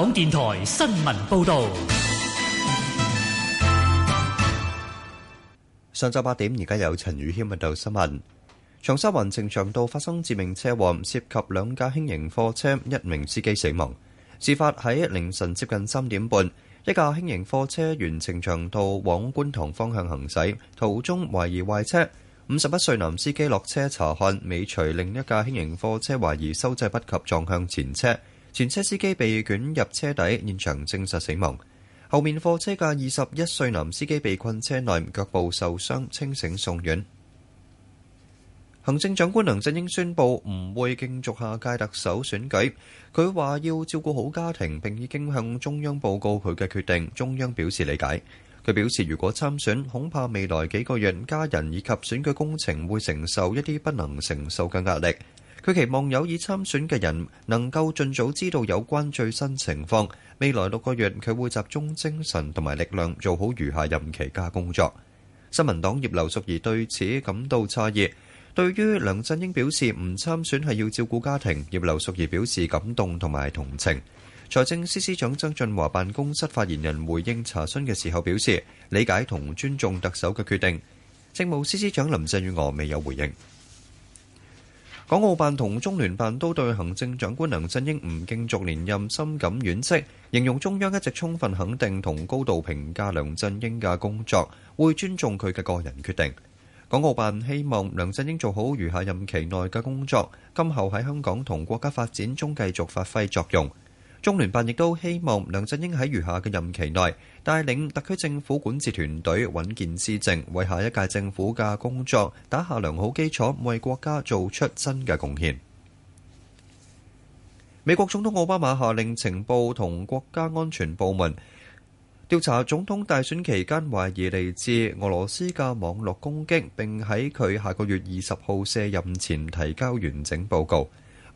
港電台新聞報道：上晝八點，而家有陳宇謙嘅道新聞。長沙環城長道發生致命車禍，涉及兩架輕型貨車，一名司機死亡。事發喺凌晨接近三點半，一架輕型貨車沿程長道往觀塘方向行駛，途中懷疑壞車。五十一歲男司機落車查看，尾隨另一架輕型貨車，懷疑收掣不及，撞向前車。前車司機被捲入車底，現場證實死亡。後面貨車嘅二十一歲男司機被困車內，腳部受傷，清醒送院。行政長官梁振英宣佈唔會競逐下屆特首選舉。佢話要照顧好家庭，並已經向中央報告佢嘅決定。中央表示理解。佢表示如果參選，恐怕未來幾個月家人以及選舉工程會承受一啲不能承受嘅壓力。佢期望有意參選嘅人能夠盡早知道有關最新情況。未來六個月，佢會集中精神同埋力量做好餘下任期加工作。新民黨葉劉淑儀對此感到詫異。對於梁振英表示唔參選係要照顧家庭，葉劉淑儀表示感動同埋同情。財政司司長曾俊華辦公室發言人回應查詢嘅時候表示理解同尊重特首嘅決定。政務司司長林鄭月娥未有回應。港澳辦同中聯辦都對行政長官梁振英唔競逐連任深感惋惜，形容中央一直充分肯定同高度評價梁振英嘅工作，會尊重佢嘅個人決定。港澳辦希望梁振英做好餘下任期內嘅工作，今後喺香港同國家發展中繼續發揮作用。中聯辦亦都希望梁振英喺餘下嘅任期內，帶領特區政府管治團隊穩健施政，為下一屆政府嘅工作打下良好基礎，為國家做出新嘅貢獻。美國總統奧巴馬下令情報同國家安全部門調查總統大選期間懷疑嚟自俄羅斯嘅網絡攻擊，並喺佢下個月二十號卸任前提交完整報告。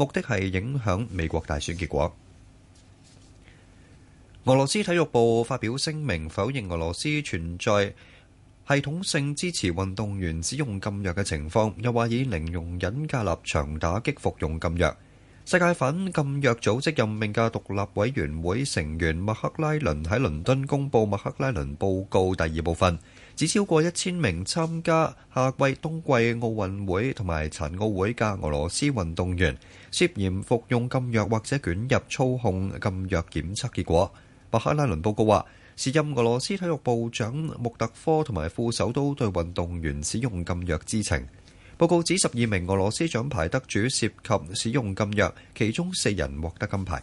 目的係影響美國大選結果。俄羅斯體育部發表聲明否認俄羅斯存在系統性支持運動員使用禁藥嘅情況，又話以零容忍嘅立場打擊服用禁藥。世界反禁藥組織任命嘅獨立委員會成員麥克拉倫喺倫敦公佈麥克拉倫報告第二部分。只超過一千名參加夏季、冬季奧運會同埋殘奧會嘅俄羅斯運動員涉嫌服用禁藥，或者捲入操控禁藥檢測結果。麥克拉倫報告話，時任俄羅斯體育部長穆特科同埋副首都對運動員使用禁藥知情。報告指十二名俄羅斯獎牌得主涉及使用禁藥，其中四人獲得金牌。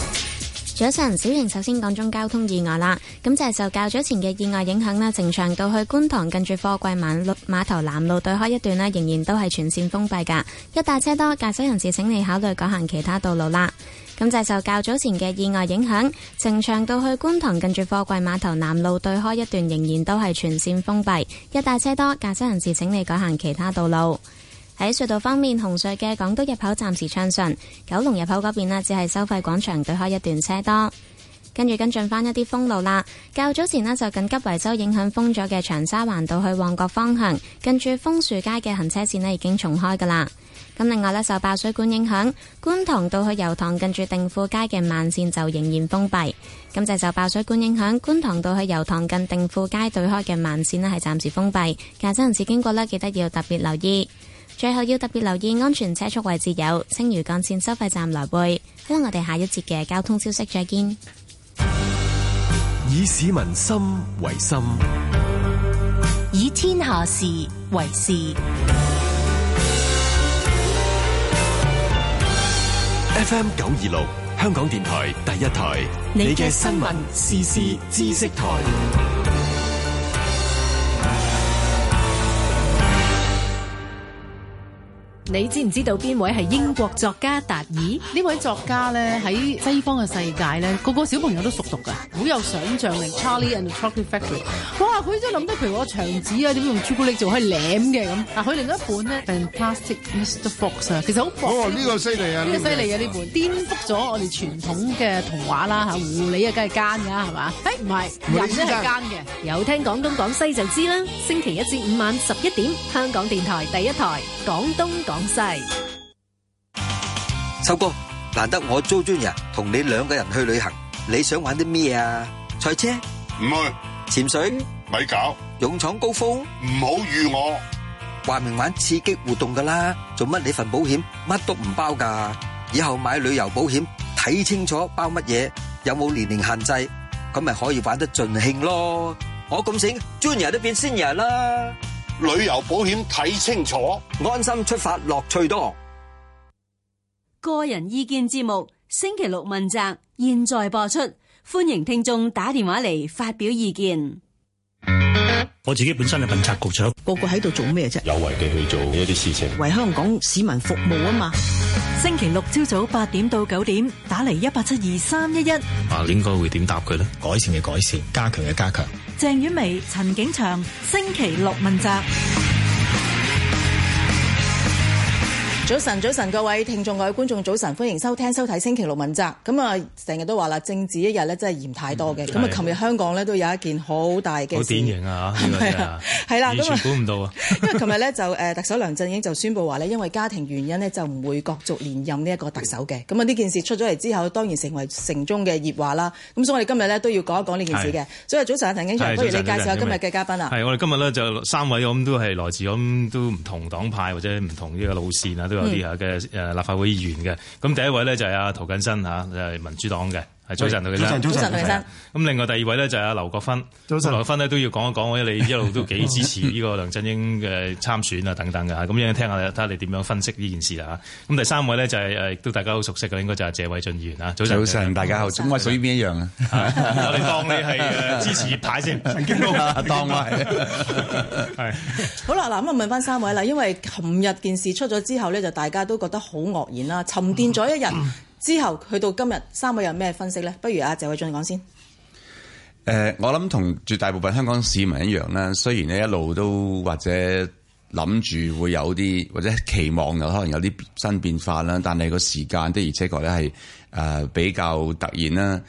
早晨，小瑩首先講中交通意外啦。咁就係受較早前嘅意外影響啦，成長道去觀塘近住貨櫃碼頭南路對開一段呢，仍然都係全線封閉噶。一帶車多，駕駛人士請你考慮改行其他道路啦。咁就係受較早前嘅意外影響，成長道去觀塘近住貨櫃碼頭南路對開一段仍然都係全線封閉。一帶車多，駕駛人士請你改行其他道路。喺隧道方面，紅隧嘅港島入口暫時暢順，九龍入口嗰邊呢，只係收費廣場對開一段車多。跟住跟進返一啲封路啦。較早前呢，就緊急維修，影響封咗嘅長沙灣道去旺角方向，跟住楓樹街嘅行車線呢，已經重開噶啦。咁另外呢，受爆水管影響，觀塘道去油塘近住定富街嘅慢線就仍然封閉。咁就受爆水管影響，觀塘道去油塘近定富街對開嘅慢線呢，係暫時封閉。駕車人士經過呢，記得要特別留意。最後要特別留意安全車速位置有青嶼幹線收費站來回。希望，我哋下一節嘅交通消息再見。以市民心為心，以天下事為事。FM 九二六，香港電台第一台，你嘅新聞、時事、知識台。你知唔知道邊位係英國作家達爾？呢位作家咧喺西方嘅世界咧，個個小朋友都熟讀噶。好有想象力，Charlie and the Chocolate Factory。哇，佢都諗得佢個牆紙啊，點用朱古力做開攋嘅咁。但佢另一本咧 Fantastic Mr Fox 啊，其實好薄，呢個犀利啊，呢個犀利啊，呢本顛覆咗我哋傳統嘅童話啦吓，狐狸啊梗係奸噶係嘛？誒唔係，人咧係奸嘅。有聽廣東廣西就知啦。星期一至五晚十一點，香港電台第一台廣東廣收哥，難得我 Joe Junior 同你兩個人去旅行，你想玩啲咩啊？賽車唔去，潛水咪搞，勇闖高峰唔好預我，話明玩刺激活動噶啦。做乜你份保險乜都唔包噶？以後買旅遊保險睇清楚包乜嘢，有冇年齡限制，咁咪可以玩得盡興咯。我咁醒，Junior 都變 Senior 啦。旅遊保險睇清楚，安心出發，樂趣多。個人意見節目，星期六問責，現在播出，歡迎聽眾打電話嚟發表意見。我自己本身係問責局長，個個喺度做咩啫？有為地去做一啲事情，為香港市民服務啊嘛。星期六朝早八點到九點，打嚟一八七二三一一。啊，應該會點答佢咧？改善嘅改善，加強嘅加強。鄭婉薇、陳景祥、星期六問責。早晨，早晨，各位聽眾，各位觀眾早晨，歡迎收聽收睇星期六問責。咁啊，成日都話啦，政治一日咧真係嫌太多嘅。咁啊，琴日香港咧都有一件好大嘅。好典型啊！係啦，咁啊，估唔到啊！因為琴日咧就誒特首梁振英就宣布話咧，因為家庭原因咧就唔會角逐連任呢一個特首嘅。咁啊，呢件事出咗嚟之後當然成為城中嘅熱話啦。咁所以我哋今日咧都要講一講呢件事嘅。所以早晨啊，陳景祥，不如你介紹下今日嘅嘉賓啊。係，我哋今日咧就三位咁都係來自咁都唔同黨派或者唔同呢個路線啊有啲啊嘅誒立法會議員嘅，咁第一位咧就係阿涂謹申吓，就係民主黨嘅。早晨，早晨，早晨，早晨。咁另外第二位咧就係阿劉國勳，早晨，劉國勳呢，都要講一講，因為你一路都幾支持呢個梁振英嘅參選啊等等嘅吓。咁樣聽下，睇下你點樣分析呢件事啦吓。咁第三位咧就係誒，都大家好熟悉嘅，應該就係謝偉俊議員啊。早晨，大家好。咁我屬於邊一樣啊？我當你係誒支持派先，京東當啊係。係好啦，嗱咁啊，問翻三位啦。因為琴日件事出咗之後咧，就大家都覺得好愕然啦，沉澱咗一日。之後去到今日，三位有咩分析咧？不如阿謝偉俊講先。誒、呃，我諗同絕大部分香港市民一樣啦。雖然咧一路都或者諗住會有啲或者期望，有可能有啲新變化啦。但係個時間的而且確咧係誒比較突然啦，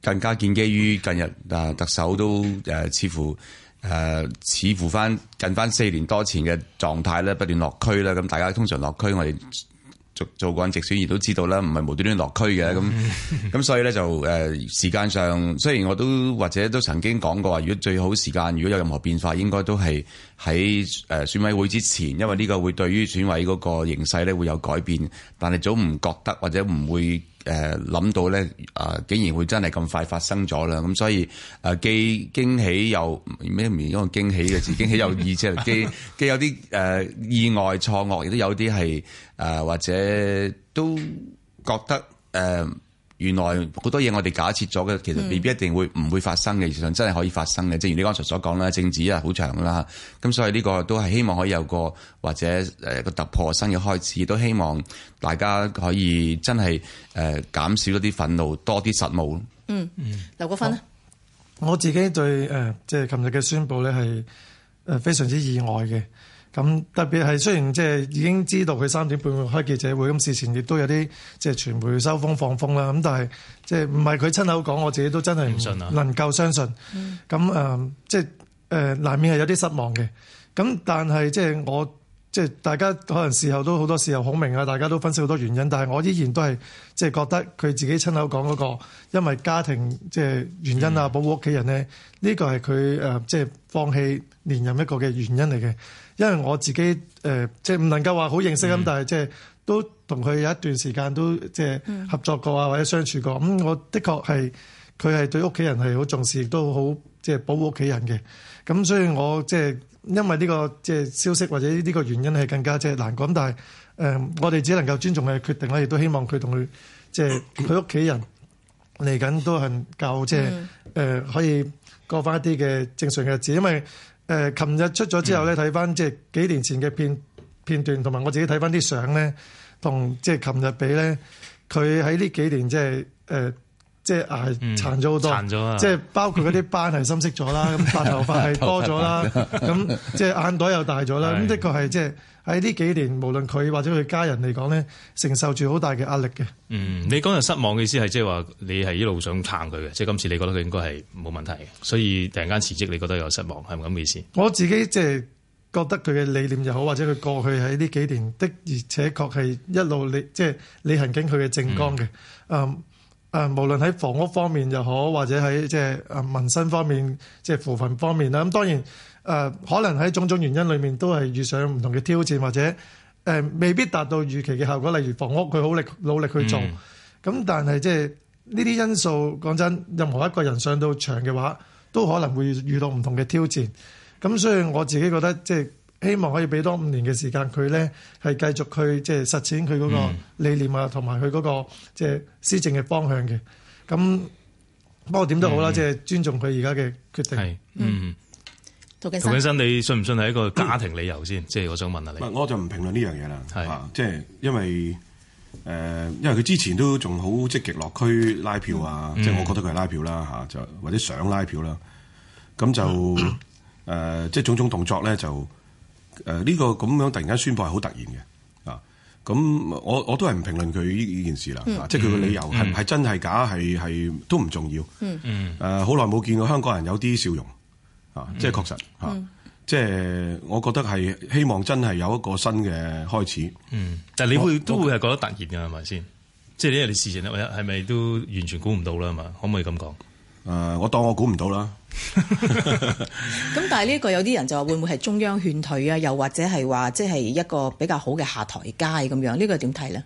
更加建基於近日啊特首都誒似乎誒、呃、似乎翻近翻四年多前嘅狀態咧，不斷落區啦。咁大家通常落區我、嗯，我哋做過直選，亦都知道啦，唔係無端端落區嘅咁，咁所以咧就誒、呃、時間上，雖然我都或者都曾經講過話，如果最好時間，如果有任何變化，應該都係喺誒選委會之前，因為呢個會對於選委嗰個形勢咧會有改變。但係早唔覺得或者唔會誒諗、呃、到咧啊、呃，竟然會真係咁快發生咗啦。咁、呃、所以誒、呃、既驚喜又咩？唔係因為驚喜嘅，事，驚喜又意即係既既有啲誒、呃、意外錯愕，亦都有啲係。啊，或者都覺得誒、呃，原來好多嘢我哋假設咗嘅，其實未必一定會唔會發生嘅，事實上、嗯、真係可以發生嘅。正如你剛才所講啦，政治啊好長啦，咁所以呢個都係希望可以有個或者誒個突破新嘅開始，都希望大家可以真係誒減少一啲憤怒，多啲實務。嗯，劉國勳咧好，我自己對誒即係琴日嘅宣佈咧係誒非常之意外嘅。咁特別係雖然即係已經知道佢三點半會開記者會，咁事前亦都有啲即係傳媒收風放風啦。咁但係即係唔係佢親口講，我自己都真係唔信，能夠相信。咁誒、嗯，即係誒，難免係有啲失望嘅。咁但係即係我。即係大家可能事後都好多事後孔明啊！大家都分析好多原因，但係我依然都係，即係覺得佢自己親口講嗰個因為家庭即係原因啊，保護屋企人咧，呢個係佢誒即係放棄連任一個嘅原因嚟嘅。因為我自己誒、呃、即係唔能夠話好認識咁，嗯、但係即係都同佢有一段時間都即係合作過啊，或者相處過，咁、嗯。我的確係，佢係對屋企人係好重視亦都好即係保護屋企人嘅。咁所以我即係。因為呢個即係消息，或者呢個原因係更加即係難講。但係誒、呃，我哋只能夠尊重佢嘅決定啦。亦都希望佢同佢即係佢屋企人嚟緊都係夠，即係誒可以過翻一啲嘅正常嘅日子。因為誒，琴、呃、日出咗之後咧，睇翻即係幾年前嘅片片段，同埋我自己睇翻啲相咧，同即係琴日比咧，佢喺呢幾年即係誒。呃即係捱殘咗好多，即係包括嗰啲斑係深色咗啦，咁 白頭髮係多咗啦，咁即係眼袋又大咗啦。咁的，的確係即係喺呢幾年，無論佢或者佢家人嚟講咧，承受住好大嘅壓力嘅。嗯，你講嘅失望嘅意思係即係話你係一路想撐佢嘅，即係今次你覺得佢應該係冇問題嘅，所以突然間辭職，你覺得有失望係咪咁嘅意思？我自己即係覺得佢嘅理念又好，或者佢過去喺呢幾年的，而且確係一路你即係你行景佢嘅政綱嘅，嗯。誒，無論喺房屋方面又好，或者喺即係誒民生方面，即係扶貧方面啦，咁當然誒，可能喺種種原因裏面都係遇上唔同嘅挑戰，或者誒未必達到預期嘅效果。例如房屋，佢好力努力去做，咁，嗯，但係即係呢啲因素，講真，任何一個人上到場嘅話，都可能會遇到唔同嘅挑戰。咁所以我自己覺得即係。希望可以俾多五年嘅時間佢咧，係繼續去，即係實踐佢嗰個理念啊，同埋佢嗰個即係施政嘅方向嘅。咁不過點都好啦，即係、嗯、尊重佢而家嘅決定。係，嗯。涂謹申，你信唔信係一個家庭理由先？ 即係我想問下你。我就唔評論呢樣嘢啦。係是、啊、即係因為誒、呃，因為佢之前都仲好積極落區拉票啊，嗯、即係我覺得佢係拉票啦嚇，就、啊、或者想拉票啦。咁就誒，即係種種動作咧就。誒，呢個咁樣突然間宣佈係好突然嘅，啊，咁我我都係唔評論佢呢件事啦，即係佢個理由係係真係假係係都唔重要。誒，好耐冇見過香港人有啲笑容，啊，即係確實吓，即係我覺得係希望真係有一個新嘅開始。但係你會都會係覺得突然嘅，係咪先？即係呢啲事情係咪都完全估唔到啦？係嘛，可唔可以咁講？誒，我當我估唔到啦。咁但係呢個有啲人就話會唔會係中央勸退啊？又或者係話即係一個比較好嘅下台階咁樣？呢個點睇呢？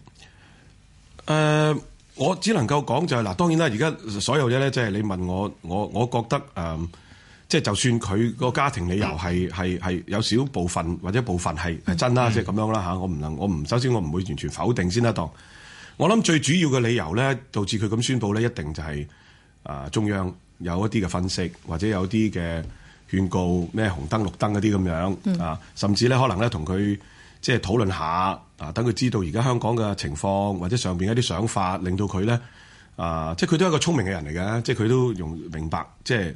誒，我只能夠講就係嗱，當然啦，而家所有嘢咧，即係你問我，我我覺得誒，即係就算佢個家庭理由係係係有少部分或者部分係係真啦，即係咁樣啦吓，我唔能，我唔首先我唔會完全否定先得當。我諗最主要嘅理由咧，導致佢咁宣布咧，一定就係。啊，中央有一啲嘅分析，或者有啲嘅勸告，咩紅燈綠燈嗰啲咁樣啊，甚至咧可能咧同佢即係討論下啊，等佢知道而家香港嘅情況，或者上邊一啲想法，令到佢咧啊，即係佢都係一個聰明嘅人嚟嘅，即係佢都容明白，即係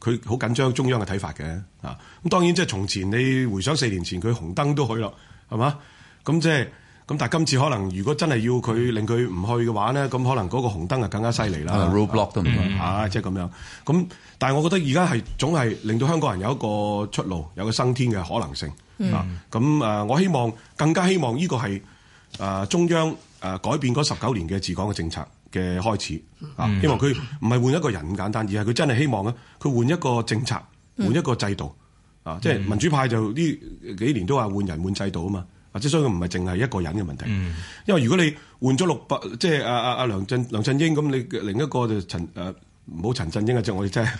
佢好緊張中央嘅睇法嘅啊。咁當然即係從前你回想四年前，佢紅燈都去咯，係嘛？咁即係。咁但係今次可能如果真係要佢令佢唔去嘅話咧，咁可能嗰個紅燈啊更加犀利啦。可能 roadblock 都唔錯嚇，即係咁樣。咁但係我覺得而家係總係令到香港人有一個出路，有個生天嘅可能性啊。咁誒，我希望更加希望呢個係誒中央誒改變嗰十九年嘅治港嘅政策嘅開始啊，希望佢唔係換一個人咁簡單，而係佢真係希望咧，佢換一個政策，換一個制度啊。即係民主派就呢幾年都話換人換制度啊嘛。即係所以佢唔係淨係一個人嘅問題，因為如果你換咗六百，即係阿阿阿梁振梁振英咁，你另一個就陳誒冇、啊、陳振英嘅，我哋真係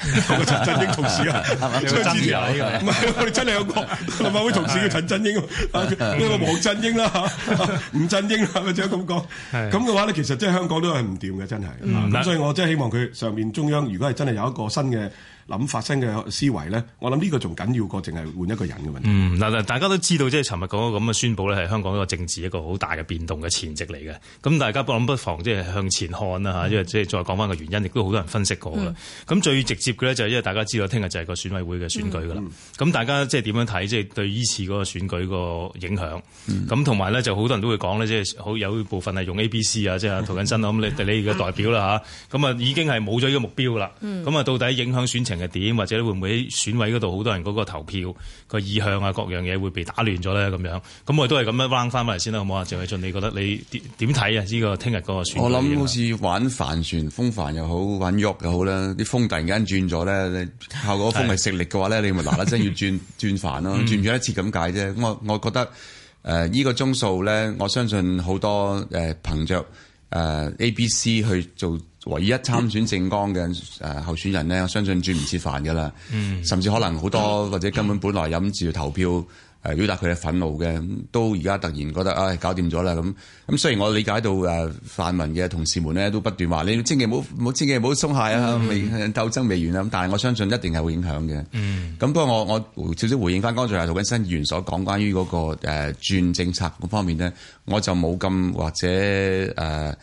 我陳振英同事 剛剛啊，唔、okay. 係我哋真係有個立法會同事叫陳振英，呢、 啊、個黃振英啦嚇，啊啊、吳振英係咪者咁講？咁、啊、嘅 話咧，其實即係香港都係唔掂嘅，真係。咁 所以我真係希望佢上面中央，如果係真係有一個新嘅。諗發生嘅思維咧，我諗呢個仲緊要過淨係換一個人嘅問題。嗯，嗱嗱，大家都知道即係尋日講嗰咁嘅宣佈咧，係香港一個政治一個好大嘅變動嘅前夕嚟嘅。咁大家不諗不妨即係向前看啦嚇，因為即係再講翻個原因，亦都好多人分析過啦。咁、嗯、最直接嘅咧就係因為大家知道聽日就係個選委會嘅選舉噶啦。咁、嗯、大家即係點樣睇即係對依次嗰個選舉個影響？咁同埋咧就好多人都會講咧，即係好有部分係用 A BC,、B、嗯、C 啊，即係涂謹申啊。咁你你嘅代表啦吓，咁啊，已經係冇咗呢個目標啦。咁啊、嗯、到底影響選情？嘅點或者會唔會喺選委嗰度好多人嗰個投票個意向啊、各樣嘢會被打亂咗咧咁樣，咁我哋都係咁樣彎翻翻嚟先啦，好冇啊？謝偉俊，你覺得你點點睇啊？呢個聽日嗰個選，我諗好似玩帆船風帆又好玩喐又好啦。啲風突然間轉咗咧，你效果風嘅食力嘅話咧， 你咪嗱嗱聲要轉 轉帆咯，轉咗一次咁解啫。我我覺得誒、呃這個、呢個鐘數咧，我相信好多誒、呃、憑着誒、呃、A B C 去做。唯一參選政綱嘅誒候選人咧，我相信轉唔切飯噶啦，甚至可能好多或者根本本來諗住投票誒表達佢嘅憤怒嘅，都而家突然覺得啊搞掂咗啦咁。咁雖然我理解到誒泛民嘅同事們咧，都不斷話你千祈唔好好，千祈唔好鬆懈啊，未鬥爭未完啊，咁但係我相信一定係會影響嘅。咁不過我我，少少回應翻剛才阿涂謹申議員所講關於嗰個誒轉政策嗰方面咧，我就冇咁或者誒。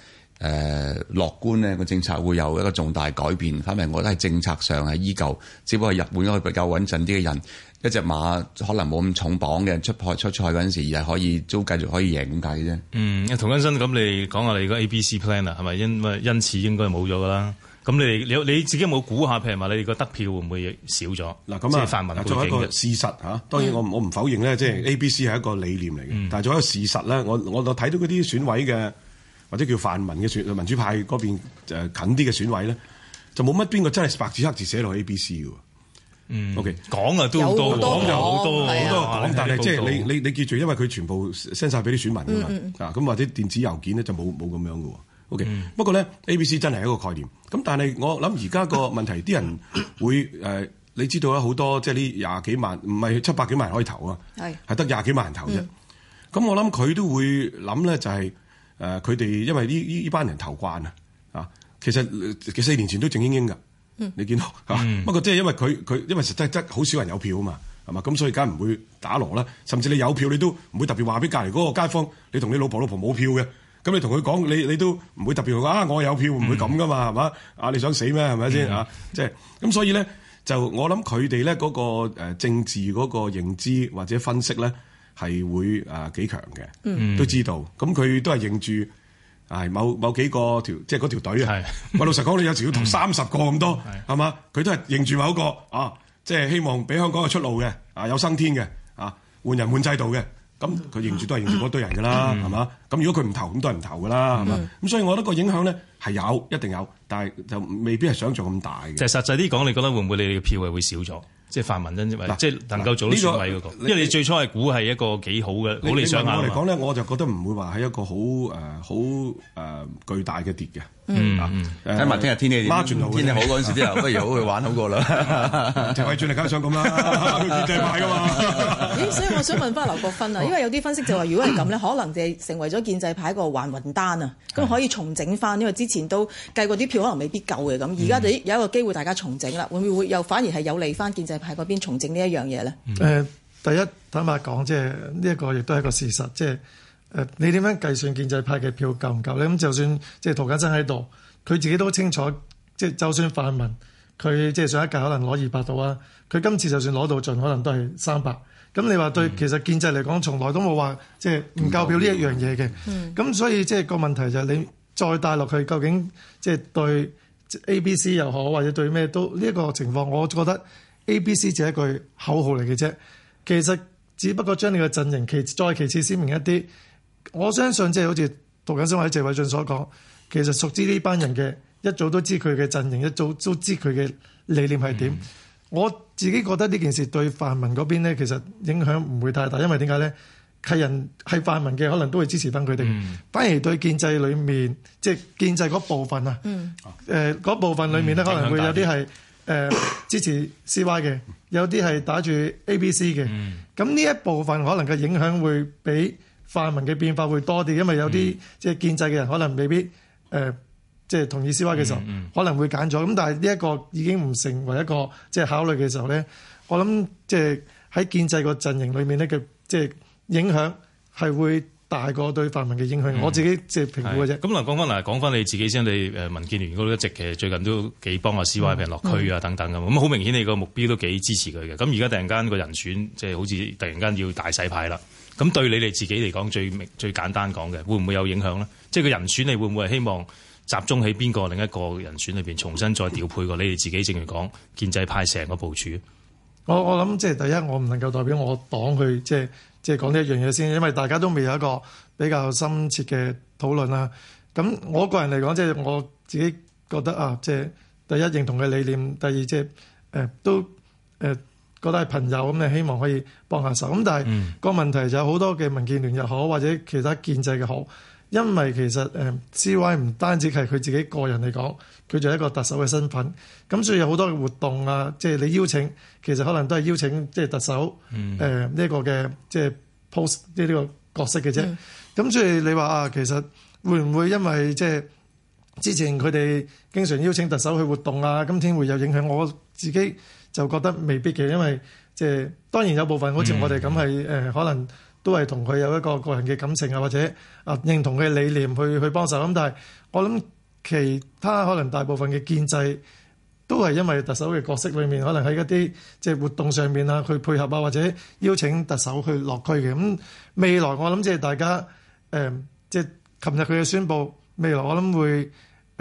誒、呃、樂觀呢個政策會有一個重大改變。反正我覺得係政策上係依舊，只不過入門一個比較穩陣啲嘅人，一隻馬可能冇咁重磅嘅出賽出賽嗰時，而係可以都繼續可以贏咁計啫。嗯，涂謹申，咁你講下你個 A B C plan 啦，係咪因因，因此應該冇咗啦？咁你你你自己有冇估下？譬如話，你個得票會唔會少咗？嗱那，咁啊，泛民，作為一個事實嚇，當然我我唔否認咧，即係 A B C 係一個理念嚟嘅。但仲有一個事實咧、啊，我、就是嗯、我睇到嗰啲選委嘅。或者叫泛民嘅選民主派嗰邊近啲嘅選委咧，就冇乜邊個真係白紙黑字寫落去 A、B、C 嘅喎。O.K. 講啊都好多，講就好多，好多講，但係即係你你你記住，因為佢全部 send 晒俾啲選民㗎嘛。咁或者電子郵件咧就冇冇咁樣嘅喎。O.K. 不過咧 A、B、C 真係一個概念。咁但係我諗而家個問題啲人會誒，你知道啊好多即係呢廿幾萬，唔係七百幾萬可以投啊。係。係得廿幾萬人投啫。咁我諗佢都會諗咧，就係。誒佢哋因為呢呢班人投慣啊，啊其實幾四年前都正英英噶，嗯、你見到嚇。不過即係因為佢佢因為實質質好少人有票啊嘛，係嘛，咁所以梗係唔會打鑼啦。甚至你有票你都唔會特別話俾隔離嗰個街坊，你同你老婆老婆冇票嘅，咁你同佢講你你都唔會特別話啊我有票，會唔會咁噶嘛，係嘛，啊你想死咩？係咪先嚇？即係咁所以咧就我諗佢哋咧嗰個誒政治嗰個認知或者分析咧，係會誒幾強嘅，嗯、都知道。咁佢都係認住，係某某幾個條，即係嗰條隊啊。是 我老實講，你有時要投三十個咁多，係嘛、嗯？佢都係認住某個啊，即係希望俾香港有出路嘅，啊有生天嘅，啊換人換制度嘅。咁、啊、佢認住都係認住嗰堆人噶啦，係嘛？咁、嗯、如果佢唔投，咁都係唔投噶啦，係嘛？咁、嗯、所以我覺得個影響咧係有，一定有，但係就未必係想象咁大嘅。即係實際啲講，你覺得會唔會你嘅票位會少咗？即係泛民，真係即係能夠做到選委嗰個，這個、因為你最初係估係一個幾好嘅好你理想啊嘛。嚟講咧，吧我就覺得唔會話係一個好誒好誒巨大嘅跌嘅。嗯，睇埋聽日天氣點，天氣好嗰陣時啲人不如好去玩好過啦。謝偉俊嚟梗係想咁啦，建制派噶嘛。咦，所以我想問翻劉國勳啊，因為有啲分析就話，如果係咁咧，可能就成為咗建制派一個還魂丹啊，咁可以重整翻。因為之前都計過啲票，可能未必夠嘅咁。而家就有一個機會，大家重整啦，會唔會又反而係有利翻建制派嗰邊重整呢一樣嘢咧？誒，第一坦白講，即係呢一個亦都係一個事實，即係。誒，你點樣計算建制派嘅票夠唔夠咧？咁就算即係涂謹申喺度，佢自己都清楚，即係就算泛民，佢即係上一屆可能攞二百度啦。佢今次就算攞到盡，可能都係三百。咁你話對其實建制嚟講，從來都冇話即係唔夠票呢一樣嘢嘅。咁、嗯、所以即係個問題就係、是、你再帶落去，究竟即係對 A、B、C 又好，或者對咩都呢一、這個情況，我覺得 A、B、C 就係一句口號嚟嘅啫。其實只不過將你個陣營其再其次鮮明一啲。我相信即係好似涂謹申或者謝偉俊所講，其實熟知呢班人嘅一早都知佢嘅陣營，一早都知佢嘅理念係點。嗯、我自己覺得呢件事對泛民嗰邊咧，其實影響唔會太大，因為點解咧？係人係泛民嘅，可能都會支持翻佢哋。嗯、反而對建制裡面，即係建制嗰部分啊，誒嗰、嗯呃、部分裡面咧，可能會有啲係誒支持 C Y 嘅，嗯、有啲係打住 A B C 嘅。咁呢、嗯、一部分可能嘅影響會比。泛民嘅變化會多啲，因為有啲即係建制嘅人可能未必誒，即、呃、係、就是、同意 C Y 嘅時候，嗯嗯、可能會揀咗。咁但係呢一個已經唔成為一個即係考慮嘅時候咧，我諗即係喺建制個陣營裡面咧嘅即係影響係會大過對泛民嘅影響。嗯、我自己即係評估嘅啫。咁嗱，講翻嗱，講翻你自己先，你誒民建聯嗰度一直其實最近都幾幫阿 C Y 平落區啊等等咁。咁好明顯你個目標都幾支持佢嘅。咁而家突然間個人選即係好似突然間要大洗牌啦。咁對你哋自己嚟講，最最簡單講嘅，會唔會有影響咧？即係個人選，你會唔會係希望集中喺邊個另一個人選裏邊重新再調配過？你哋自己正如講建制派成個部署。我我諗即係第一，我唔能夠代表我黨去即係即係講呢一樣嘢先，因為大家都未有一個比較深切嘅討論啦。咁我個人嚟講，即係我自己覺得啊，即係第一認同嘅理念，第二即係誒、呃、都誒。呃覺得係朋友咁，你希望可以幫下手。咁但係、嗯、個問題就係好多嘅民建聯又好，或者其他建制嘅好，因為其實誒，CY 唔單止係佢自己個人嚟講，佢做一個特首嘅身份。咁所以有好多嘅活動啊，即、就、係、是、你邀請，其實可能都係邀請即係特首誒呢一個嘅即係 post 呢呢個角色嘅啫。咁、嗯、所以你話啊，其實會唔會因為即係、就是、之前佢哋經常邀請特首去活動啊，今天會有影響我自己？就覺得未必嘅，因為即係當然有部分好似我哋咁係誒，可能、呃、都係同佢有一個個人嘅感情啊，或者啊認同佢嘅理念去去幫手咁。但係我諗其他可能大部分嘅建制都係因為特首嘅角色裏面，可能喺一啲即係活動上面啊去配合啊，或者邀請特首去落區嘅咁、嗯呃。未來我諗即係大家誒，即係琴日佢嘅宣佈，未來我諗會。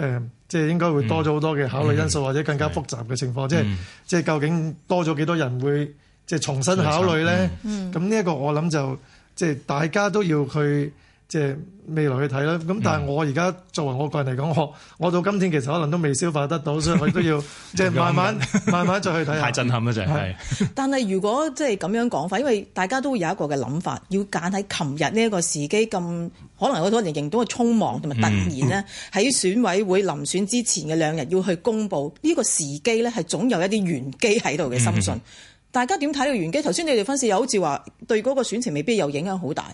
誒，即係、嗯、應該會多咗好多嘅考慮因素，嗯、或者更加複雜嘅情況，嗯、即係即係究竟多咗幾多人會即係重新考慮咧？咁呢一個我諗就即係大家都要去。即係未來去睇啦，咁但係我而家作為我個人嚟講，我我到今天其實可能都未消化得到，所以我亦都要即係慢慢 的慢慢再去睇。 太震撼啦，就係。但係如果即係咁樣講法，因為大家都會有一個嘅諗法，要揀喺琴日呢一個時機咁，可能好多人都認到個匆忙同埋突然呢喺選委會臨選之前嘅兩日要去公布呢、呢個時機呢係總有一啲玄機喺度嘅深信。 大家點睇呢個玄機？頭先你哋分析又好似話對嗰個選情未必有影響好大。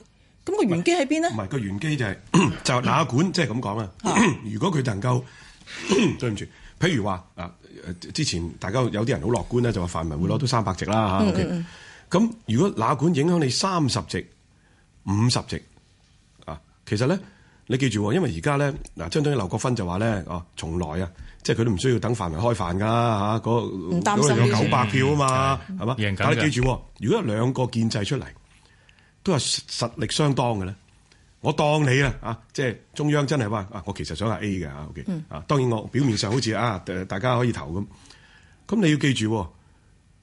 咁個玄機喺邊呢？唔係個玄機就係、是、 就係、那管就，即係咁講啊！ 如果佢能夠 對唔住，譬如話啊，之前大家有啲人好樂觀咧，就話泛民會攞到三百席啦嚇。咁如果那管影響你三十席、五十席啊，其實咧你記住，因為而家咧嗱，相當於劉國勳就話咧，哦，從來啊，即係佢都唔需要等泛民泛民開飯噶嚇，嗰嗰九百票啊嘛，係嘛？但係你記住，如果有兩個建制出嚟。都係實力相當嘅咧，我當你啦啊，即係中央真係話啊，我其實想係 A 嘅啊，OK、嗯、啊，當然我表面上好似啊，大家可以投咁，咁你要記住，啊、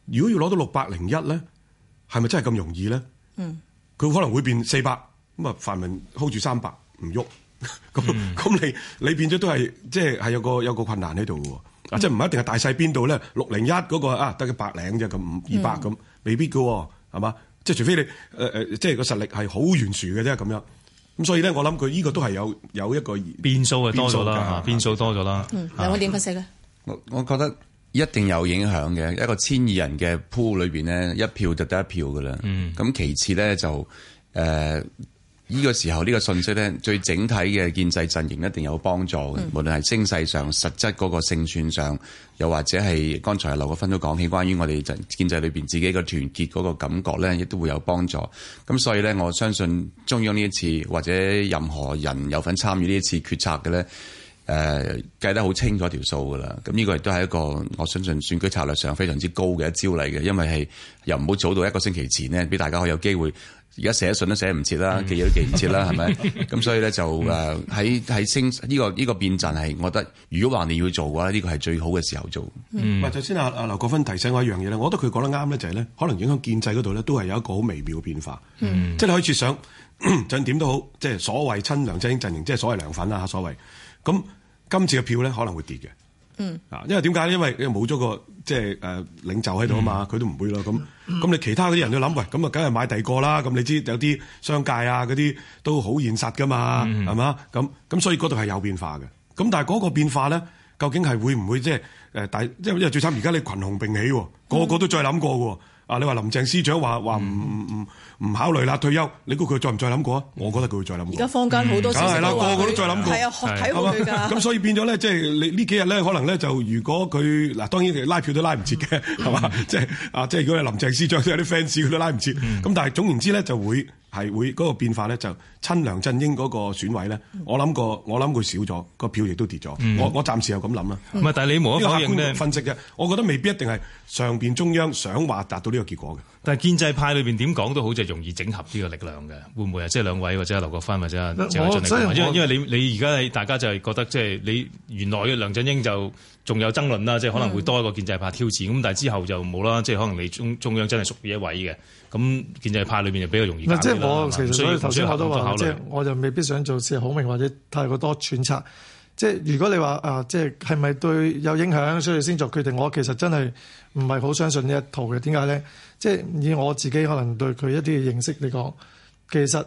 如果要攞到六百零一咧，係咪真係咁容易咧？嗯，佢可能會變四百，咁啊，泛民 hold 住三百唔喐，咁咁、嗯、你你變咗都係即係係有個有個困難喺度嘅，啊，即係唔係一定係大細邊度咧，六零一嗰個啊，得個百零啫，咁五二百咁未必噶，係嘛？即係除非你誒誒、呃呃，即係個實力係好懸殊嘅啫咁樣。咁所以咧，我諗佢呢個都係有有一個變數嘅多咗啦、啊，變數多咗啦。嗯。兩位是點分析咧？我我覺得一定有影響嘅。一個千二人嘅 pool 裏邊咧，一票就得一票㗎喇。嗯。咁其次咧就誒。呃呢個時候個呢個信息咧，最整體嘅建制陣營一定有幫助嘅，嗯、無論係聲勢上、實質嗰個勝算上，又或者係剛才劉國勳都講起關於我哋陣建制裏邊自己個團結嗰個感覺呢亦都會有幫助。咁所以呢，我相信中央呢一次或者任何人有份參與呢一次決策嘅呢，誒、呃、計得好清楚條數噶啦。咁呢個亦都係一個我相信選舉策略上非常之高嘅一招嚟嘅，因為係又唔好早到一個星期前呢，俾大家可以有機會。而家寫信都寫唔切啦，嗯、記嘢都記唔切啦，係咪？咁、 嗯、所以咧就誒喺喺呢個呢、呢個變陣係、嗯，我覺得如果話你要做嘅話，呢個係最好嘅時候做。唔係，首先阿啊劉國勳提醒我一樣嘢咧，我覺得佢講得啱咧就係咧，可能影響建制嗰度咧都係有一個好微妙嘅變化。嗯、即係你可以設想，就算點都好，即係所謂親梁振英陣營，即係所謂梁粉啦嚇所謂。咁今次嘅票咧可能會跌嘅。嗯，啊，因為點解？因為冇咗個即係誒領袖喺度啊嘛，佢都唔會啦咁。咁、嗯、你其他嗰啲人要諗，喂，咁啊，梗係買第二個啦。咁你知有啲商界啊，嗰啲都好現實噶嘛，係嘛、嗯？咁咁所以嗰度係有變化嘅。咁但係嗰個變化咧，究竟係會唔會即係誒大？因為因為最慘而家你群雄並起，個個都再諗過喎。嗯、啊，你話林鄭司長話話唔唔。唔考慮啦，退休你估佢再唔再諗過啊？我覺得佢會再諗過。而家坊間好多。個個都再諗過。係啊，睇好佢㗎。咁所以變咗咧，即係你呢幾日咧，可能咧就如果佢嗱，當然拉票都拉唔切嘅，係嘛？即係啊，即係如果林鄭司長都有啲 fans，佢都拉唔切。咁但係總言之咧，就會係會嗰個變化咧，就親梁振英嗰個選位咧，我諗過我諗佢少咗個票，亦都跌咗。我我暫時又咁諗啦。唔係，但係你無一個客觀嘅分析㗎。我覺得未必一定係上邊中央想話達到呢個結果嘅。但係建制派裏邊點講都好就。容易整合呢個力量嘅，會唔會啊？即係兩位或者劉國勳或者鄭俊彌，我因為你你而家大家就係覺得即係、就是、你原來嘅梁振英就仲有爭論啦，即係可能會多一個建制派挑戰，咁、嗯、但係之後就冇啦，即係可能你中中央真係屬於一位嘅，咁建制派裏面就比較容易。即係我吧其實所以頭先我都話，即係我就未必想做事好明或者太過多揣測。即係如果你話啊，即係係咪對有影響，所以先作決定？我其實真係唔係好相信呢一套嘅，點解咧？即係以我自己可能對佢一啲嘅認識嚟講，其實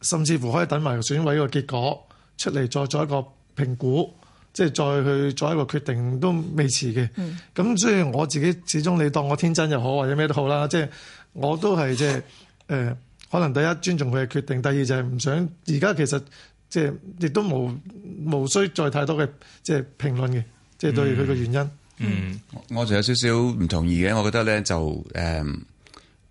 甚至乎可以等埋選委個結果出嚟，再做一個評估，即係再去做一個決定都未遲嘅。咁、嗯、所以我自己始終你當我天真又好或者咩都好啦，即係我都係即係誒、呃、可能第一尊重佢嘅決定，第二就係唔想而家其實即係亦都無無需再太多嘅即係評論嘅，即係對佢嘅原因。嗯嗯，我我就有少少唔同意嘅。我覺得咧，就誒、嗯、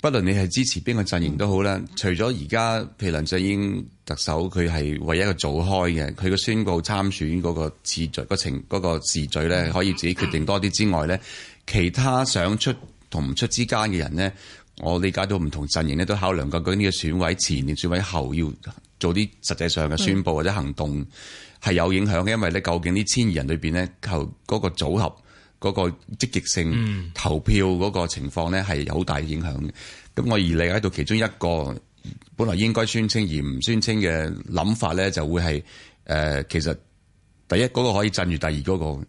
不論你係支持邊個陣營都好啦。除咗而家，譬如梁振英特首佢係唯一一個組開嘅，佢嘅宣佈參選嗰個次序、個程、嗰個次序咧，可以自己決定多啲之外咧，其他想出同唔出之間嘅人咧，我理解到唔同陣營咧都考量究竟呢個選委前年選委後要做啲實際上嘅宣布或者行動係有影響嘅，因為咧究竟啲千二人裏邊咧，求嗰個組合。嗰個積極性投票嗰個情況咧，係有好大影響嘅。咁、嗯、我而你喺度其中一個本來應該宣稱而唔宣稱嘅諗法咧，就會係誒、呃、其實第一嗰、那個可以鎮住第二嗰、那個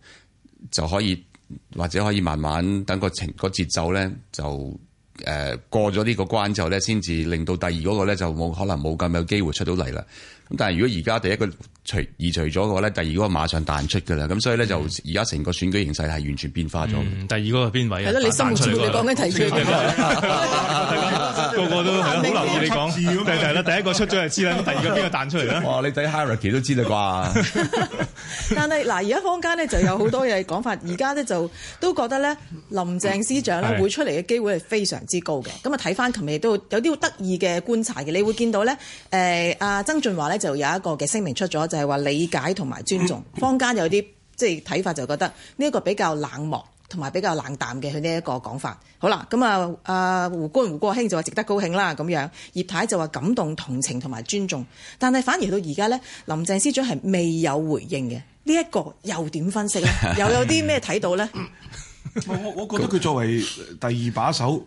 就可以，或者可以慢慢等個情個節奏咧，就誒、呃、過咗呢個關之後咧，先至令到第二嗰個咧就冇可能冇咁有，有機會出到嚟啦。咁但係如果而家第一個除而除咗嘅咧，第二個馬上彈出㗎啦，咁所以咧就而家成個選舉形勢係完全變化咗。第二個係邊位啊？係咯，你心唔住都講緊題。個個都係好留意你講。係係啦，第一個出咗就知啦，咁第二個邊個彈出嚟你睇 Hierarchy 都知啦啩？但係嗱，而家坊間呢就有好多嘢講法，而家呢就都覺得咧林鄭司長咧會出嚟嘅機會係非常之高嘅。咁啊睇翻，琴日都有啲好得意嘅觀察嘅，你會見到咧，誒阿曾俊華咧就有一個嘅聲明出咗。就係話理解同埋尊重，坊間有啲即係睇法就覺得呢一個比較冷漠同埋比較冷淡嘅佢呢一個講法。好啦，咁啊啊胡官胡國興就話值得高興啦咁樣，葉太就話感動同情同埋尊重，但係反而到而家呢，林鄭司長係未有回應嘅。呢一個又點分析？又有啲咩睇到呢？ 嗯、我我覺得佢作為第二把手，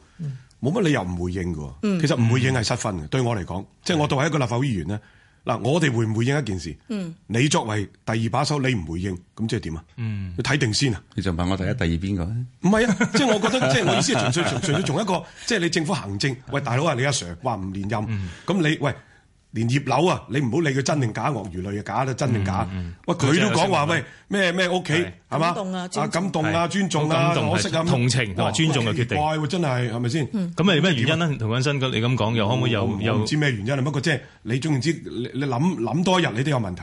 冇乜理由唔回應嘅。其實唔回應係失分嘅。對我嚟講，即係我作為一個立法會議員呢。嗱，我哋回唔回應一件事，嗯、你作為第二把手，你唔回應，咁即係點啊？嗯、要睇定先啊！你仲問我第一、第二邊個？唔係啊，即係我覺得，即係 我意思，純粹、純粹、純粹從一個，即係你政府行政，喂，大佬啊，你阿 Sir 話唔連任，咁、嗯、你喂。連葉劉啊！你唔好理佢真定假，鱷魚類啊假啦，真定假？喂，佢都講話喂咩咩屋企係嘛？啊，感動啊，尊重啊，同我同情同埋尊重嘅決定。奇怪喎，真係係咪先？咁係咩原因咧？涂謹申，你咁講又可唔可以又唔知咩原因，不過即係你總然之，你你諗多一日，你都有問題。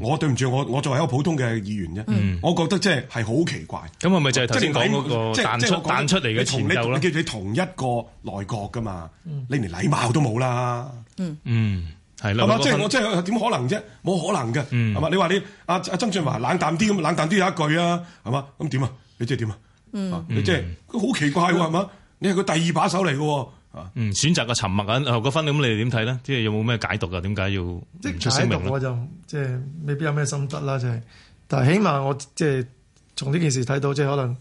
我對唔住，我我作為一個普通嘅議員啫。我覺得即係係好奇怪。咁係咪就頭先講嗰個即係即係彈出嚟嘅前叫做同一個內閣噶嘛？你連禮貌都冇啦～嗯，吧嗯，係啦，係嘛，即係我即係點可能啫？冇可能嘅，係嘛？你話你阿阿、啊、曾俊華冷淡啲咁，冷淡啲有一句啊，係嘛？咁點啊？你即係點啊？嗯，你即係佢好奇怪喎，係嘛？你係佢第二把手嚟嘅，啊，嗯，選擇個沉默啊，何國分咁，你哋點睇咧？即係有冇咩解讀啊？點解要即係解讀我就即係未必有咩心得啦，即係，但係起碼我即係從呢件事睇到，即係可能。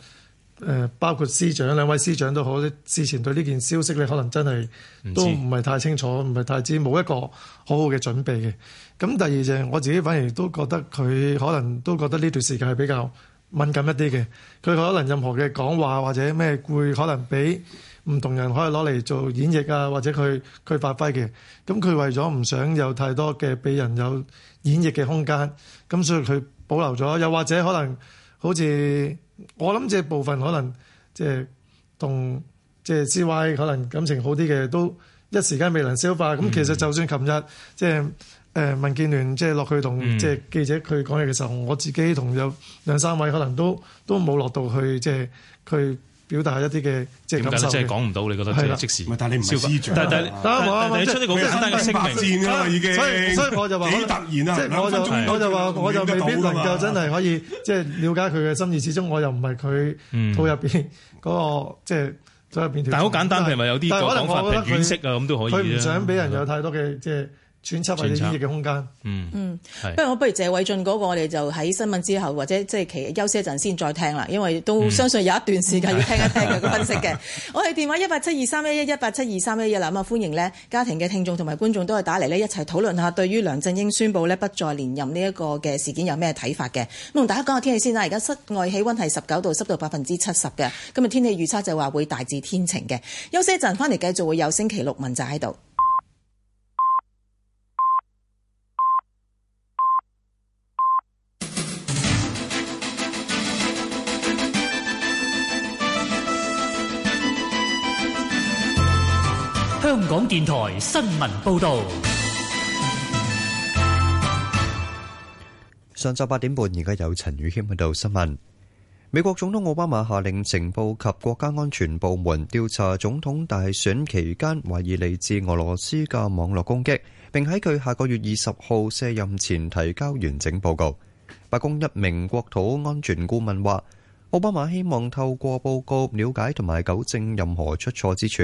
誒包括司長，兩位司長都好，之前對呢件消息你可能真係都唔係太清楚，唔係太知，冇一個好好嘅準備嘅。咁第二就係我自己反而都覺得佢可能都覺得呢段時間係比較敏感一啲嘅。佢可能任何嘅講話或者咩，會可能俾唔同人可以攞嚟做演繹啊，或者佢佢發揮嘅。咁佢為咗唔想有太多嘅俾人有演繹嘅空間，咁所以佢保留咗。又或者可能好似～我諗即係部分可能即係同即係 C Y 可能感情好啲嘅，都一時間未能消化。咁、嗯、其實就算琴日即係誒民建聯即係落去同即係記者佢講嘢嘅時候，嗯、我自己同有兩三位可能都都冇落到去即係佢。表達一啲嘅即係點解即係講唔到？你覺得即時但係你唔知。但係但係，我係你出啲講法，但係你聲明。所以所以我就話幾突然啊！即係我就我就話我就未必能夠真係可以即係了解佢嘅心意。始終我又唔係佢肚入邊嗰個即係肚入邊但係好簡單係咪有啲講法係轉色啊？咁都可以。佢唔想俾人有太多嘅即係。轉輯或者專業嘅空間，嗯嗯，不如我不如謝偉俊嗰，那個，我哋就喺新聞之後或者即係其休息一陣先再，再聽啦，因為都相信有一段時間要聽一聽佢嘅分析嘅。嗯、 我哋電話一八七二三一一一八七二三一一啦，咁啊歡迎呢家庭嘅聽眾同埋觀眾都係打嚟呢一齊討論下對於梁振英宣布呢不再連任呢一個嘅事件有咩睇法嘅。咁同大家講下天氣先啦，而家室外氣温係十九度，濕度百分之七十嘅，今日天，天氣預測就話會大致天晴嘅。休息一陣翻嚟繼續會有星期六問責喺度。港電台新聞報道：上晝八點半，而家有陳宇謙喺度新聞。美國總統奧巴馬下令情報及國家安全部門調查總統大選期間懷疑來自俄羅斯嘅網絡攻擊，並喺佢下個月二十號卸任前提交完整報告。白宮一名國土安全顧問話，奧巴馬希望透過報告了解同埋糾正任何出錯之處。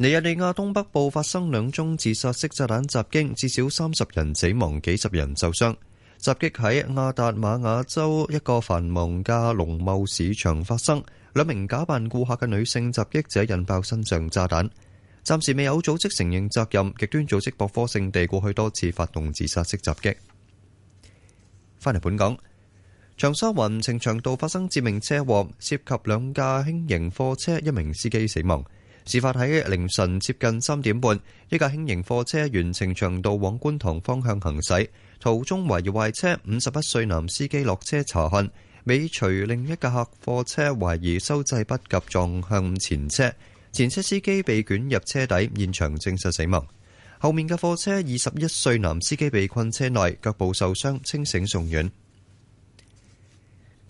尼日利亞東北部發生兩宗自殺式炸彈襲擊，至少三十人死亡，幾十人受傷。襲擊喺亞達馬亞州一個繁忙嘅農貿市場發生，兩名假扮顧客嘅女性襲擊者引爆身上炸彈。暫時未有組織承認責任。極端組織博科聖地過去多次發動自殺式襲擊。翻嚟本港，長沙灣呈祥道發生致命車禍，涉及兩架輕型貨車，一名司機死亡。事發喺凌晨接近三點半，一架輕型貨車沿呈祥道往觀塘方向行駛，途中懷疑壞車，五十一歲男司機落車查看，尾隨另一架客貨車，懷疑收掣不及撞向前車，前車司機被捲入車底，現場證實死亡。後面嘅貨車二十一歲男司機被困車內，腳部受傷，清醒送院。